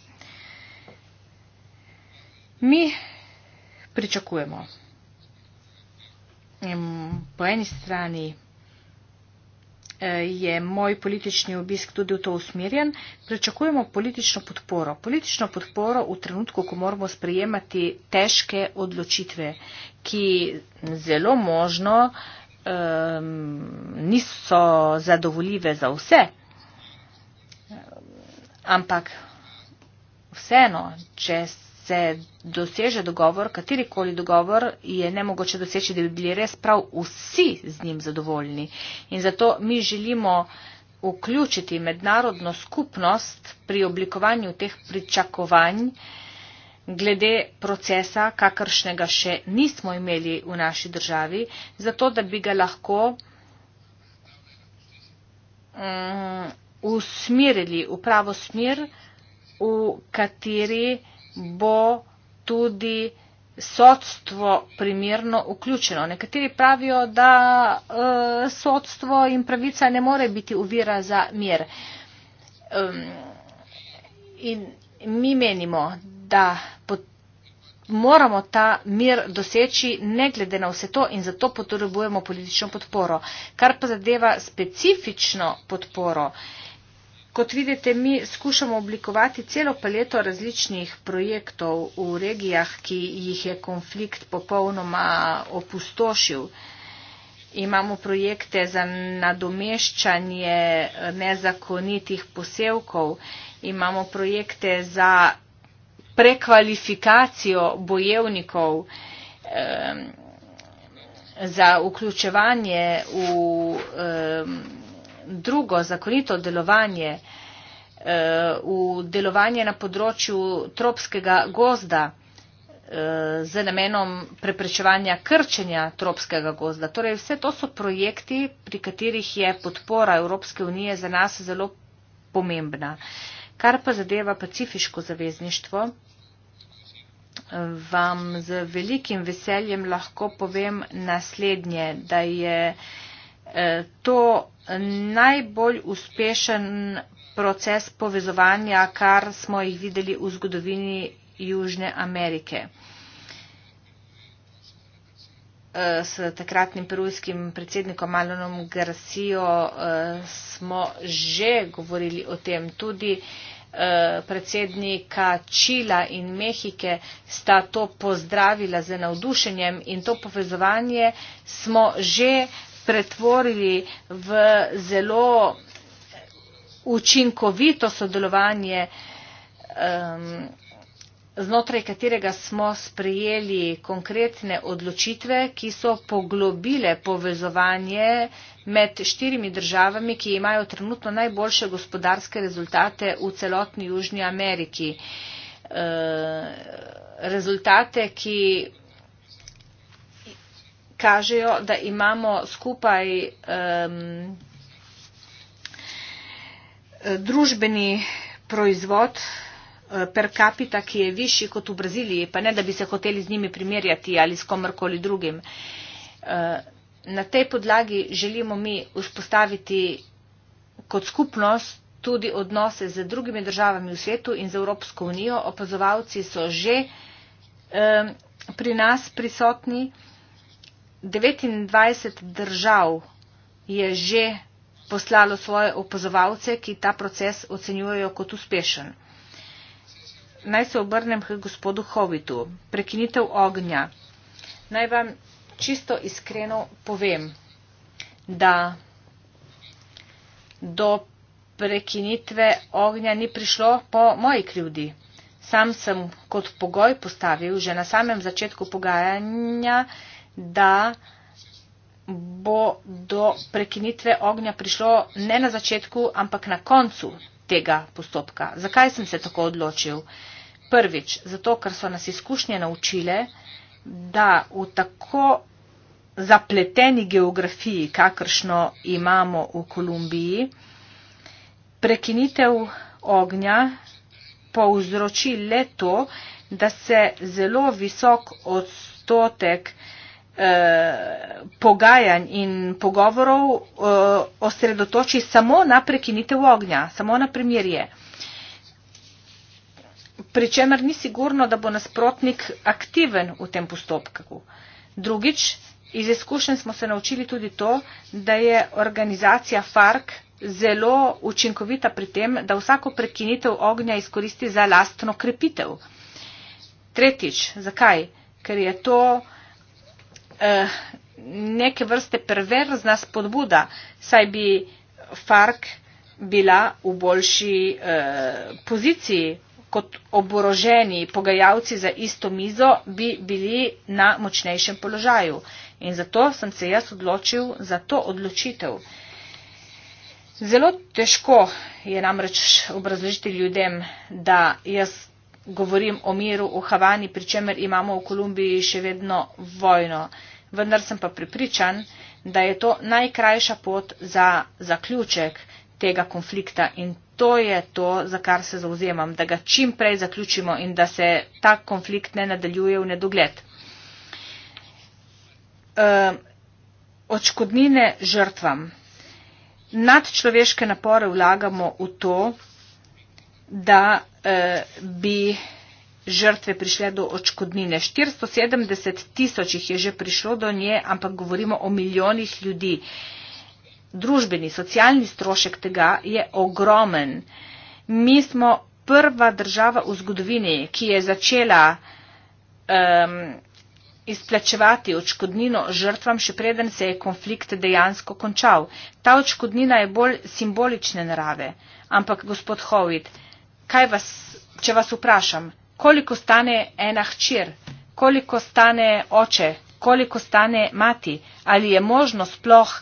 Mi pričakujemo. Po eni strani je moj politični obisk tudi v to usmerjen. Pričakujemo politično podporo. Politično podporo v trenutku, ko moramo sprejemati težke odločitve, ki zelo možno um, niso zadovoljive za vse. Ampak vseeno, če se se doseže dogovor, katerikoli dogovor, je nemogoče doseči, da bi bili res prav vsi z njim zadovoljni. In zato mi želimo vključiti mednarodno skupnost pri oblikovanju teh pričakovanj glede procesa, kakršnega še nismo imeli v naši državi, zato da bi ga lahko um, usmerili v pravo smer, v kateri bo tudi sodstvo primerno vključeno. Nekateri pravijo, da eh, sodstvo in pravica ne more biti uvira za mir. In mi menimo, da moramo ta mir doseči ne glede na vse to in zato potrebujemo politično podporo. Kar pa zadeva specifično podporo, Kot vidite, mi skušamo oblikovati celo paleto različnih projektov v regijah, ki jih je konflikt popolnoma opustošil. Imamo projekte za nadomeščanje nezakonitih posevkov, imamo projekte za prekvalifikacijo bojevnikov, za vključevanje v drugo zakonito delovanje eh, v delovanje na področju tropskega gozda eh, z namenom preprečevanja krčenja tropskega gozda. Torej, vse to so projekti, pri katerih je podpora Evropske unije za nas zelo pomembna. Kar pa zadeva pacifiško zavezništvo, vam z velikim veseljem lahko povem naslednje, da je Eh, to najbolj uspešen proces povezovanja, kar smo jih videli v zgodovini Južne Amerike eh, s takratnim perujskim predsednikom Alonom Garcijo eh, smo že govorili o tem. Tudi predsednika Čila in Mehike sta to pozdravila z navdušenjem in to povezovanje smo že pretvorili v zelo učinkovito sodelovanje, um, znotraj katerega smo sprejeli konkretne odločitve, ki so poglobile povezovanje med štirimi državami, ki imajo trenutno najboljše gospodarske rezultate v celotni Južni Ameriki. Uh, rezultate, ki kažejo, da imamo skupaj um, družbeni proizvod eh, per capita, ki je višji kot v Braziliji, pa ne, da bi se hoteli z njimi primerjati ali s komarkoli drugim. Eh, na tej podlagi želimo mi vzpostaviti kot skupnost tudi odnose z drugimi državami v svetu in z Evropsko unijo. Opazovalci so že pri nas prisotni. 29 držav je že poslalo svoje opozovalce, ki ta proces ocenjujejo kot uspešen. Naj se obrnem k gospodu Hovitu. Prekinitev ognja. Naj vam čisto iskreno povem, da do prekinitve ognja ni prišlo po moji krivdi. Sam sem kot pogoj postavil že na samem začetku pogajanja, da bo do prekinitve ognja prišlo ne na začetku, ampak na koncu tega postopka. Zakaj sem se tako odločil? Prvič, zato ker so nas izkušnje naučile, da v tako zapleteni geografiji, kakršno imamo v Kolumbiji, prekinitev ognja povzroči le to, da se zelo visok odstotek Eh, pogajanj in pogovorov eh, osredotoči samo na prekinitev ognja, samo na primirje. Pričemer ni sigurno, da bo nasprotnik aktiven v tem postopku. Drugič, iz izkušenj smo se naučili tudi to, da je organizacija FARC zelo učinkovita pri tem, da vsako prekinitev ognja izkoristi za lastno krepitev. Tretjič, zakaj? Ker je to uh, Eh, neke vrste perverzna spodbuda, saj bi FARC bila v boljši eh, poziciji kot oboroženi pogajalci za isto mizo, bi bili na močnejšem položaju. In zato sem se jaz odločil za to odločitev. Zelo težko je namreč obrazložiti ljudem, da jaz govorim o miru v Havani, pri čemer imamo v Kolumbiji še vedno vojno. Vendar sem pa pripričan, da je to najkrajša pot za zaključek tega konflikta in to je to, za kar se zauzemam, da ga čim prej zaključimo in da se ta konflikt ne nadaljuje v nedogled. E, ehm, očkodnine žrtvam. Nadčloveške napore vlagamo v to, da bi žrtve prišle do očkodnine. 470 tisoč jih je že prišlo do nje, ampak govorimo o milijonih ljudi. Družbeni, socialni strošek tega je ogromen. Mi smo prva država v zgodovini, ki je začela um, izplačevati očkodnino žrtvam, še preden se je konflikt dejansko končal. Ta očkodnina je bolj simbolične narave. Ampak, gospod Hovit, kaj vas, če vas vprašam, koliko stane ena hčer, koliko stane oče, koliko stane mati, ali je možno sploh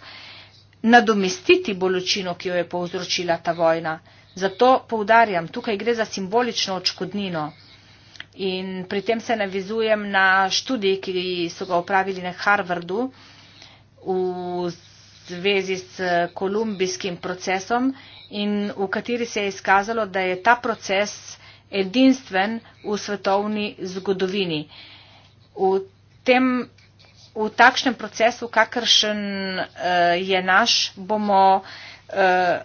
nadomestiti bolečino, ki jo je povzročila ta vojna. Zato poudarjam, tukaj gre za simbolično očkodnino. In pri tem se navizujem na študij, ki so ga upravili na Harvardu v zvezi s kolumbijskim procesom in v kateri se je izkazalo, da je ta proces edinstven v svetovni zgodovini. V, tem, v takšnem procesu, kakršen uh, je naš, bomo uh, eh,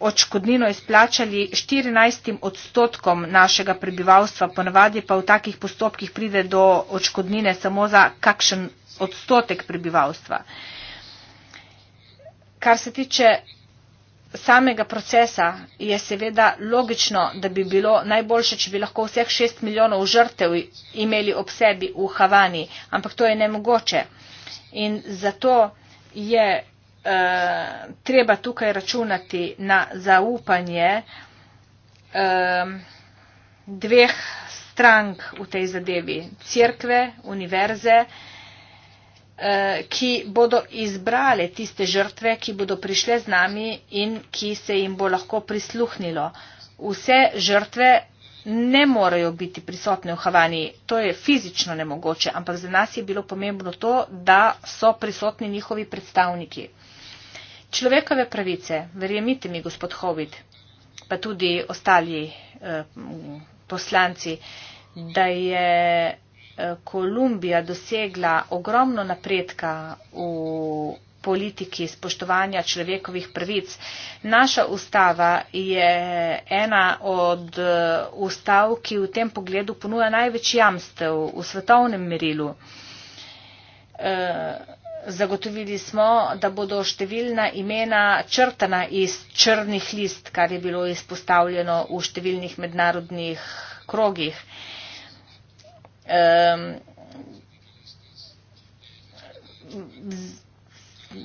očkodnino izplačali 14 odstotkom našega prebivalstva, ponavadi pa v takih postopkih pride do očkodnine samo za kakšen odstotek prebivalstva. Kar se tiče samega procesa je seveda logično, da bi bilo najboljše, če bi lahko vseh šest milijonov žrtev imeli ob sebi v Havani, ampak to je nemogoče. In zato je uh, treba tukaj računati na zaupanje uh, dveh strank v tej zadevi, crkve, univerze. Uh, Eh, ki bodo izbrali tiste žrtve, ki bodo prišle z nami in ki se jim bo lahko prisluhnilo. Vse žrtve ne morejo biti prisotne v Havani, to je fizično nemogoče, ampak za nas je bilo pomembno to, da so prisotni njihovi predstavniki. Človekove pravice, verjemite mi, gospod Hovid, pa tudi ostali eh, poslanci, da je Eh, Kolumbija dosegla ogromno napredka v politiki spoštovanja človekovih prvic. Naša ustava je ena od eh, ustav, ki v tem pogledu ponuja največ jamstev v svetovnem merilu. Eh, zagotovili smo, da bodo številna imena črtana iz črnih list, kar je bilo izpostavljeno v številnih mednarodnih krogih.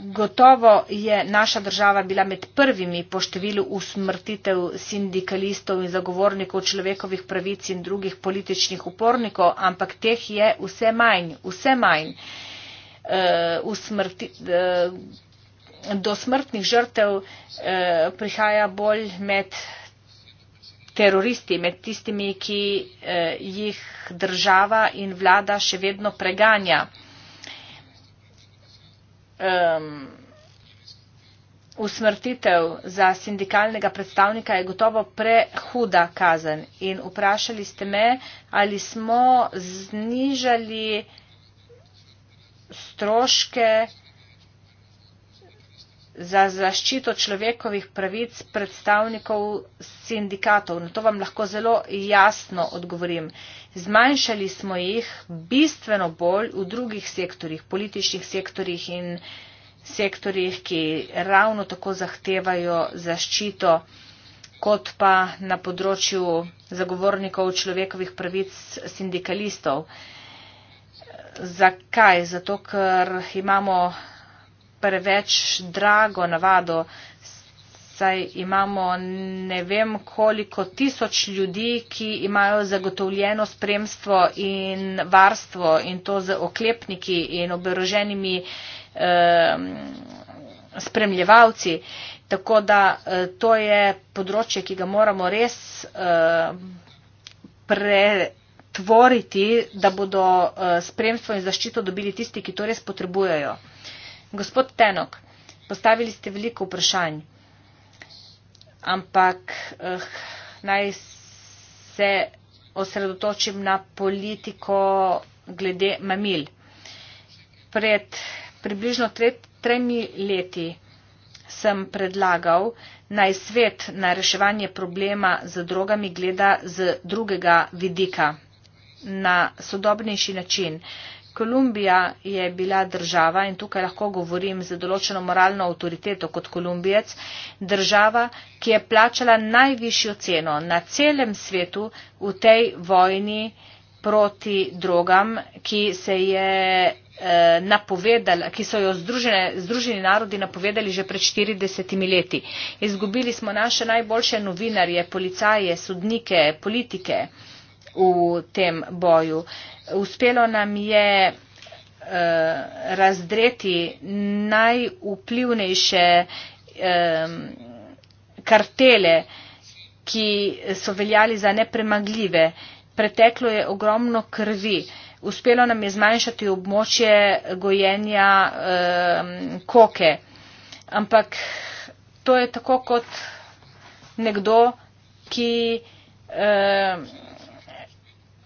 Gotovo je naša država bila med prvimi po številu usmrtitev sindikalistov in zagovornikov človekovih pravic in drugih političnih upornikov, ampak teh je vse manj, vse manj. Eh, usmrti, eh, do smrtnih žrtev eh, prihaja bolj med teroristi, med tistimi, ki eh, jih država in vlada še vedno preganja. Um, usmrtitev za sindikalnega predstavnika je gotovo prehuda kazen in vprašali ste me, ali smo znižali stroške za zaščito človekovih pravic predstavnikov sindikatov. Na to vam lahko zelo jasno odgovorim. Zmanjšali smo jih bistveno bolj v drugih sektorjih, političnih sektorjih in sektorjih, ki ravno tako zahtevajo zaščito kot pa na področju zagovornikov človekovih pravic sindikalistov. Zakaj? Zato, ker imamo preveč drago navado, saj imamo ne vem koliko tisoč ljudi, ki imajo zagotovljeno spremstvo in varstvo in to z oklepniki in oboroženimi eh, spremljevalci. Tako da eh, to je področje, ki ga moramo res eh, pre tvoriti, da bodo e, spremstvo in zaščito dobili tisti, ki to res potrebujejo. Gospod Tenok, postavili ste veliko vprašanj, ampak eh, naj se osredotočim na politiko glede mamil. Pred približno tret, tremi leti sem predlagal, naj svet na reševanje problema z drogami gleda z drugega vidika, na sodobnejši način. Kolumbija je bila država in tukaj lahko govorim z določeno moralno avtoriteto kot kolumbijec, država, ki je plačala najvišjo ceno na celem svetu v tej vojni proti drogam, ki se je eh, napovedala, ki so jo združene, združeni narodi napovedali že pred 40 leti. Izgubili smo naše najboljše novinarje, policaje, sodnike, politike v tem boju. Uspelo nam je eh, razdreti najvplivnejše kartele, ki so veljali za nepremagljive. Preteklo je ogromno krvi. Uspelo nam je zmanjšati območje gojenja koke. Ampak to je tako kot nekdo, ki.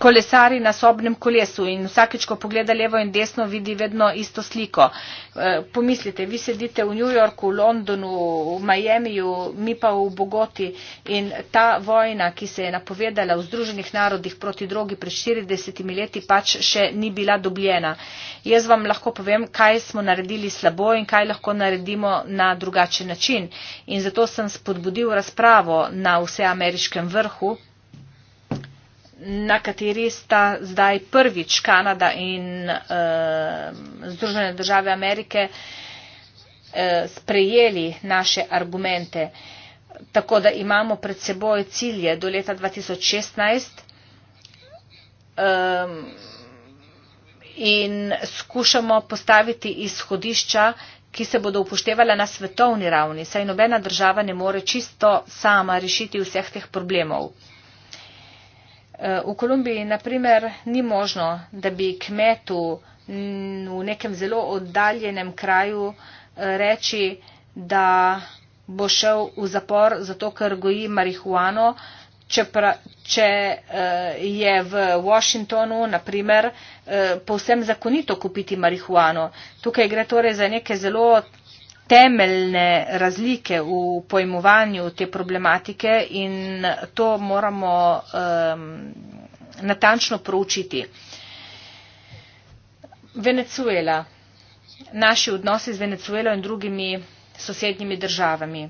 kolesari na sobnem kolesu in vsakeč, ko pogleda levo in desno, vidi vedno isto sliko. E, pomislite, vi sedite v New Yorku, v Londonu, v Miamiju, mi pa v Bogoti in ta vojna, ki se je napovedala v Združenih narodih proti drogi pred 40 leti, pač še ni bila dobljena. Jaz vam lahko povem, kaj smo naredili slabo in kaj lahko naredimo na drugačen način. In zato sem spodbudil razpravo na vseameriškem vrhu na kateri sta zdaj prvič Kanada in uh, Združene države Amerike uh, sprejeli naše argumente. Tako da imamo pred seboj cilje do leta 2016. Uh, ehm, In skušamo postaviti izhodišča, ki se bodo upoštevala na svetovni ravni, saj nobena država ne more čisto sama rešiti vseh teh problemov. Eh, v Kolumbiji, na primer, ni možno, da bi kmetu v nekem zelo oddaljenem kraju eh, reči, da bo šel v zapor zato, ker goji marihuano, če, pra, eh, če je v Washingtonu, na primer, povsem zakonito kupiti marihuano. Tukaj gre torej za neke zelo temeljne razlike v pojmovanju te problematike in to moramo um, natančno proučiti. Venezuela. Naši odnosi z Venezuelo in drugimi sosednjimi državami.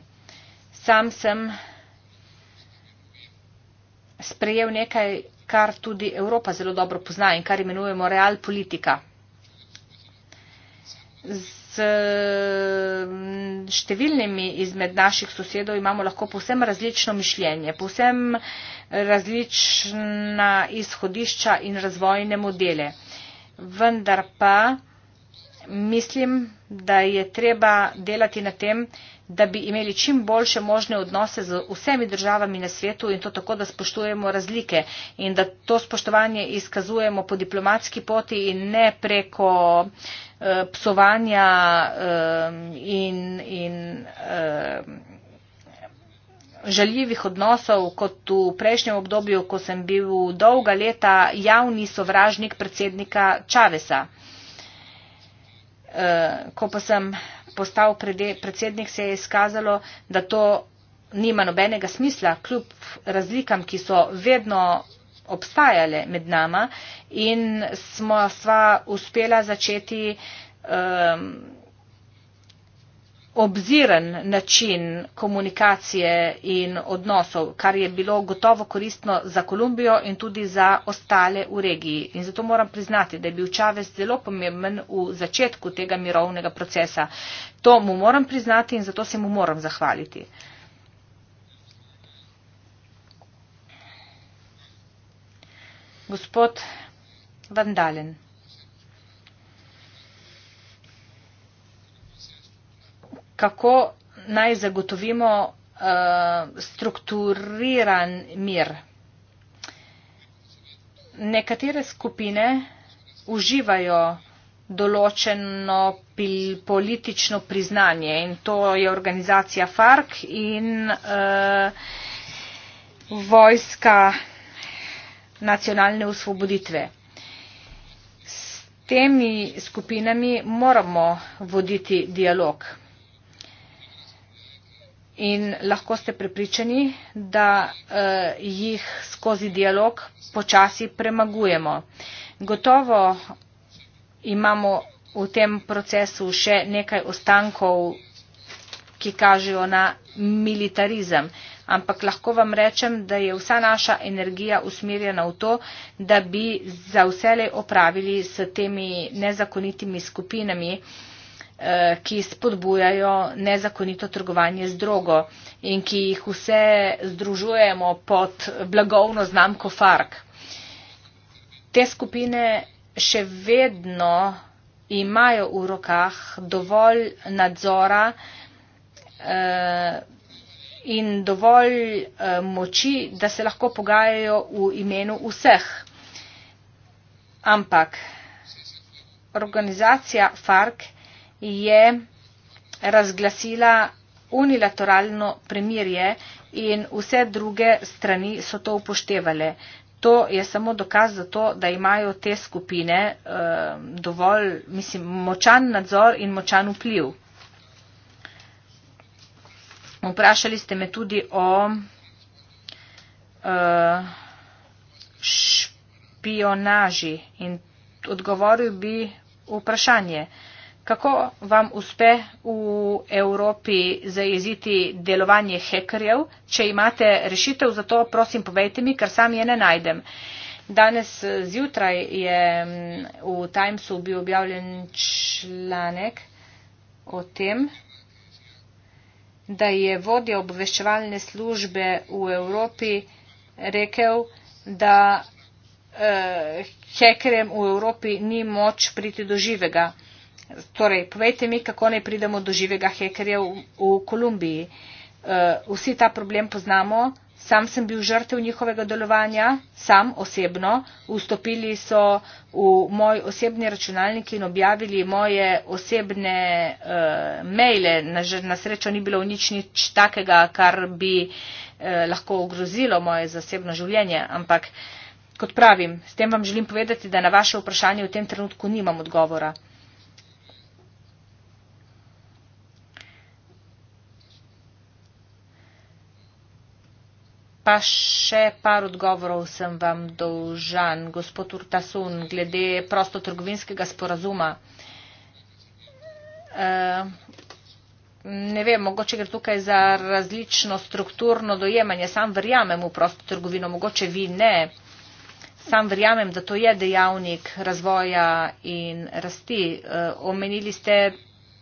Sam sem sprejel nekaj, kar tudi Evropa zelo dobro pozna in kar imenujemo realpolitika. Z s številnimi izmed naših sosedov imamo lahko povsem različno mišljenje, povsem različna izhodišča in razvojne modele. Vendar pa mislim, da je treba delati na tem, da bi imeli čim boljše možne odnose z vsemi državami na svetu in to tako, da spoštujemo razlike in da to spoštovanje izkazujemo po diplomatski poti in ne preko uh, Eh, psovanja eh, in, in eh, žaljivih odnosov kot v prejšnjem obdobju, ko sem bil dolga leta javni sovražnik predsednika Čavesa. Ko pa sem postal predsednik, se je izkazalo, da to nima nobenega smisla, kljub razlikam, ki so vedno obstajale med nama in smo sva uspela začeti um, obziren način komunikacije in odnosov, kar je bilo gotovo koristno za Kolumbijo in tudi za ostale v regiji. In zato moram priznati, da je bil Čavez zelo pomemben v začetku tega mirovnega procesa. To mu moram priznati in zato se mu moram zahvaliti. gospod Vandalen. Kako naj zagotovimo uh, strukturiran mir? Nekatere skupine uživajo določeno pil, politično priznanje in to je organizacija FARC in uh, vojska nacionalne usvoboditve. S temi skupinami moramo voditi dialog. In lahko ste prepričani, da uh, jih skozi dialog počasi premagujemo. Gotovo imamo v tem procesu še nekaj ostankov, ki kažejo na militarizem ampak lahko vam rečem, da je vsa naša energija usmerjena v to, da bi za vselej opravili s temi nezakonitimi skupinami, eh, ki spodbujajo nezakonito trgovanje z drogo in ki jih vse združujemo pod blagovno znamko FARC. Te skupine še vedno imajo v rokah dovolj nadzora, eh, in dovolj eh, moči, da se lahko pogajajo v imenu vseh. Ampak organizacija FARC je razglasila unilateralno premirje in vse druge strani so to upoštevale. To je samo dokaz za to, da imajo te skupine eh, dovolj mislim, močan nadzor in močan vpliv. Vprašali ste me tudi o uh, špionaži in odgovoril bi vprašanje, kako vam uspe v Evropi zajeziti delovanje hekerjev. Če imate rešitev za to, prosim povejte mi, ker sam je ne najdem. Danes eh, zjutraj je mm, v Timesu bil objavljen članek o tem, da je vodja obveščevalne službe v Evropi rekel, da eh, hekerjem v Evropi ni moč priti do živega. Torej, povejte mi, kako ne pridemo do živega hekerja v, v Kolumbiji. Eh, vsi ta problem poznamo. Sam sem bil žrtev njihovega delovanja, sam osebno. Vstopili so v moj osebni računalnik in objavili moje osebne e, maile. Na, na srečo ni bilo nič, nič takega, kar bi e, lahko ogrozilo moje zasebno življenje. Ampak, kot pravim, s tem vam želim povedati, da na vaše vprašanje v tem trenutku nimam odgovora. pa še par odgovorov sem vam dolžan. Gospod Urtasun, glede prostotrgovinskega sporazuma. Eh, ne vem, mogoče gre tukaj za različno strukturno dojemanje. Sam verjamem v prostotrgovino, mogoče vi ne. Sam verjamem, da to je dejavnik razvoja in rasti. Eh, omenili ste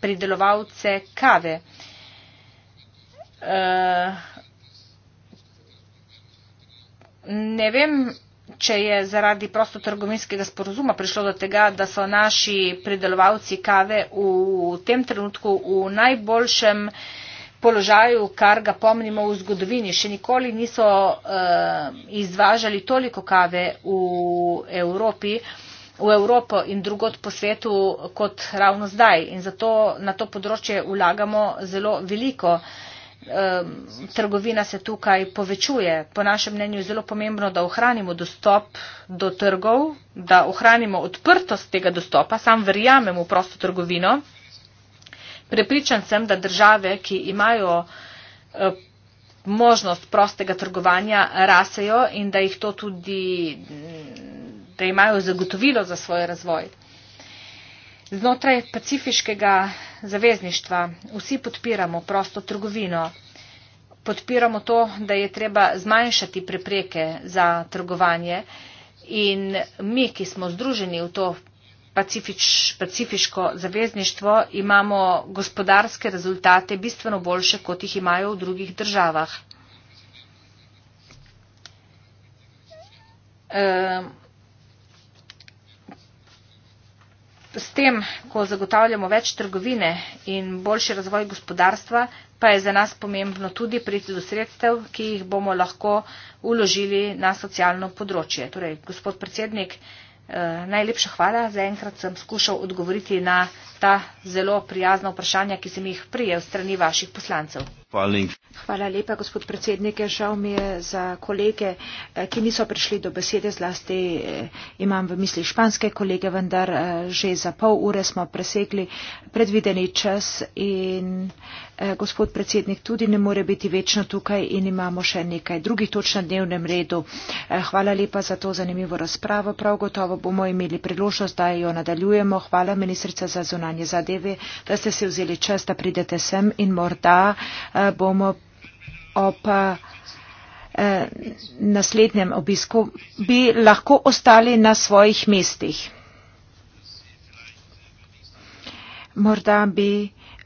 pridelovalce kave. Eh, ne vem, če je zaradi prosto trgovinskega sporozuma prišlo do tega, da so naši pridelovalci kave v tem trenutku v najboljšem položaju, kar ga pomnimo v zgodovini. Še nikoli niso uh, izvažali toliko kave v Evropi v Evropo in drugot po svetu kot ravno zdaj. In zato na to področje vlagamo zelo veliko uh, trgovina se tukaj povečuje. Po našem mnenju je zelo pomembno, da ohranimo dostop do trgov, da ohranimo odprtost tega dostopa. Sam verjamem v prosto trgovino. Prepričan sem, da države, ki imajo e, možnost prostega trgovanja, rasejo in da jih to tudi, da imajo zagotovilo za svoj razvoj znotraj pacifiškega zavezništva. Vsi podpiramo prosto trgovino. Podpiramo to, da je treba zmanjšati prepreke za trgovanje in mi, ki smo združeni v to pacifič, pacifiško zavezništvo, imamo gospodarske rezultate bistveno boljše, kot jih imajo v drugih državah. Um, S tem, ko zagotavljamo več trgovine in boljši razvoj gospodarstva, pa je za nas pomembno tudi priti do sredstev, ki jih bomo lahko uložili na socialno področje. Torej, gospod predsednik, eh, najlepša hvala. Zaenkrat sem skušal odgovoriti na ta zelo prijazna vprašanja, ki sem jih prijel strani vaših poslancev. Hvala lepa, gospod predsednik. Ja, žal mi je za kolege, eh, ki niso prišli do besede, zlasti eh, imam v misli španske kolege, vendar eh, že za pol ure smo presegli predvideni čas in gospod predsednik tudi ne more biti večno tukaj in imamo še nekaj drugih točk na dnevnem redu. Hvala lepa za to zanimivo razpravo. Prav gotovo bomo imeli priložnost, da jo nadaljujemo. Hvala ministrica za zunanje zadeve, da ste se vzeli čas, da pridete sem in morda bomo ob eh, naslednjem obisku, bi lahko ostali na svojih mestih. Morda bi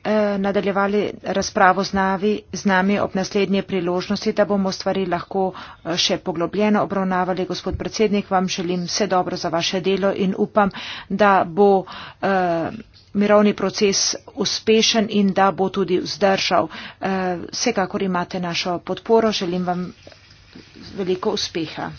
eh, nadaljevali razpravo z nami, z nami ob naslednje priložnosti, da bomo stvari lahko eh, še poglobljeno obravnavali. Gospod predsednik, vam želim vse dobro za vaše delo in upam, da bo. Eh, mirovni proces uspešen in da bo tudi vzdržal. Eh, vsekakor imate našo podporo. Želim vam veliko uspeha.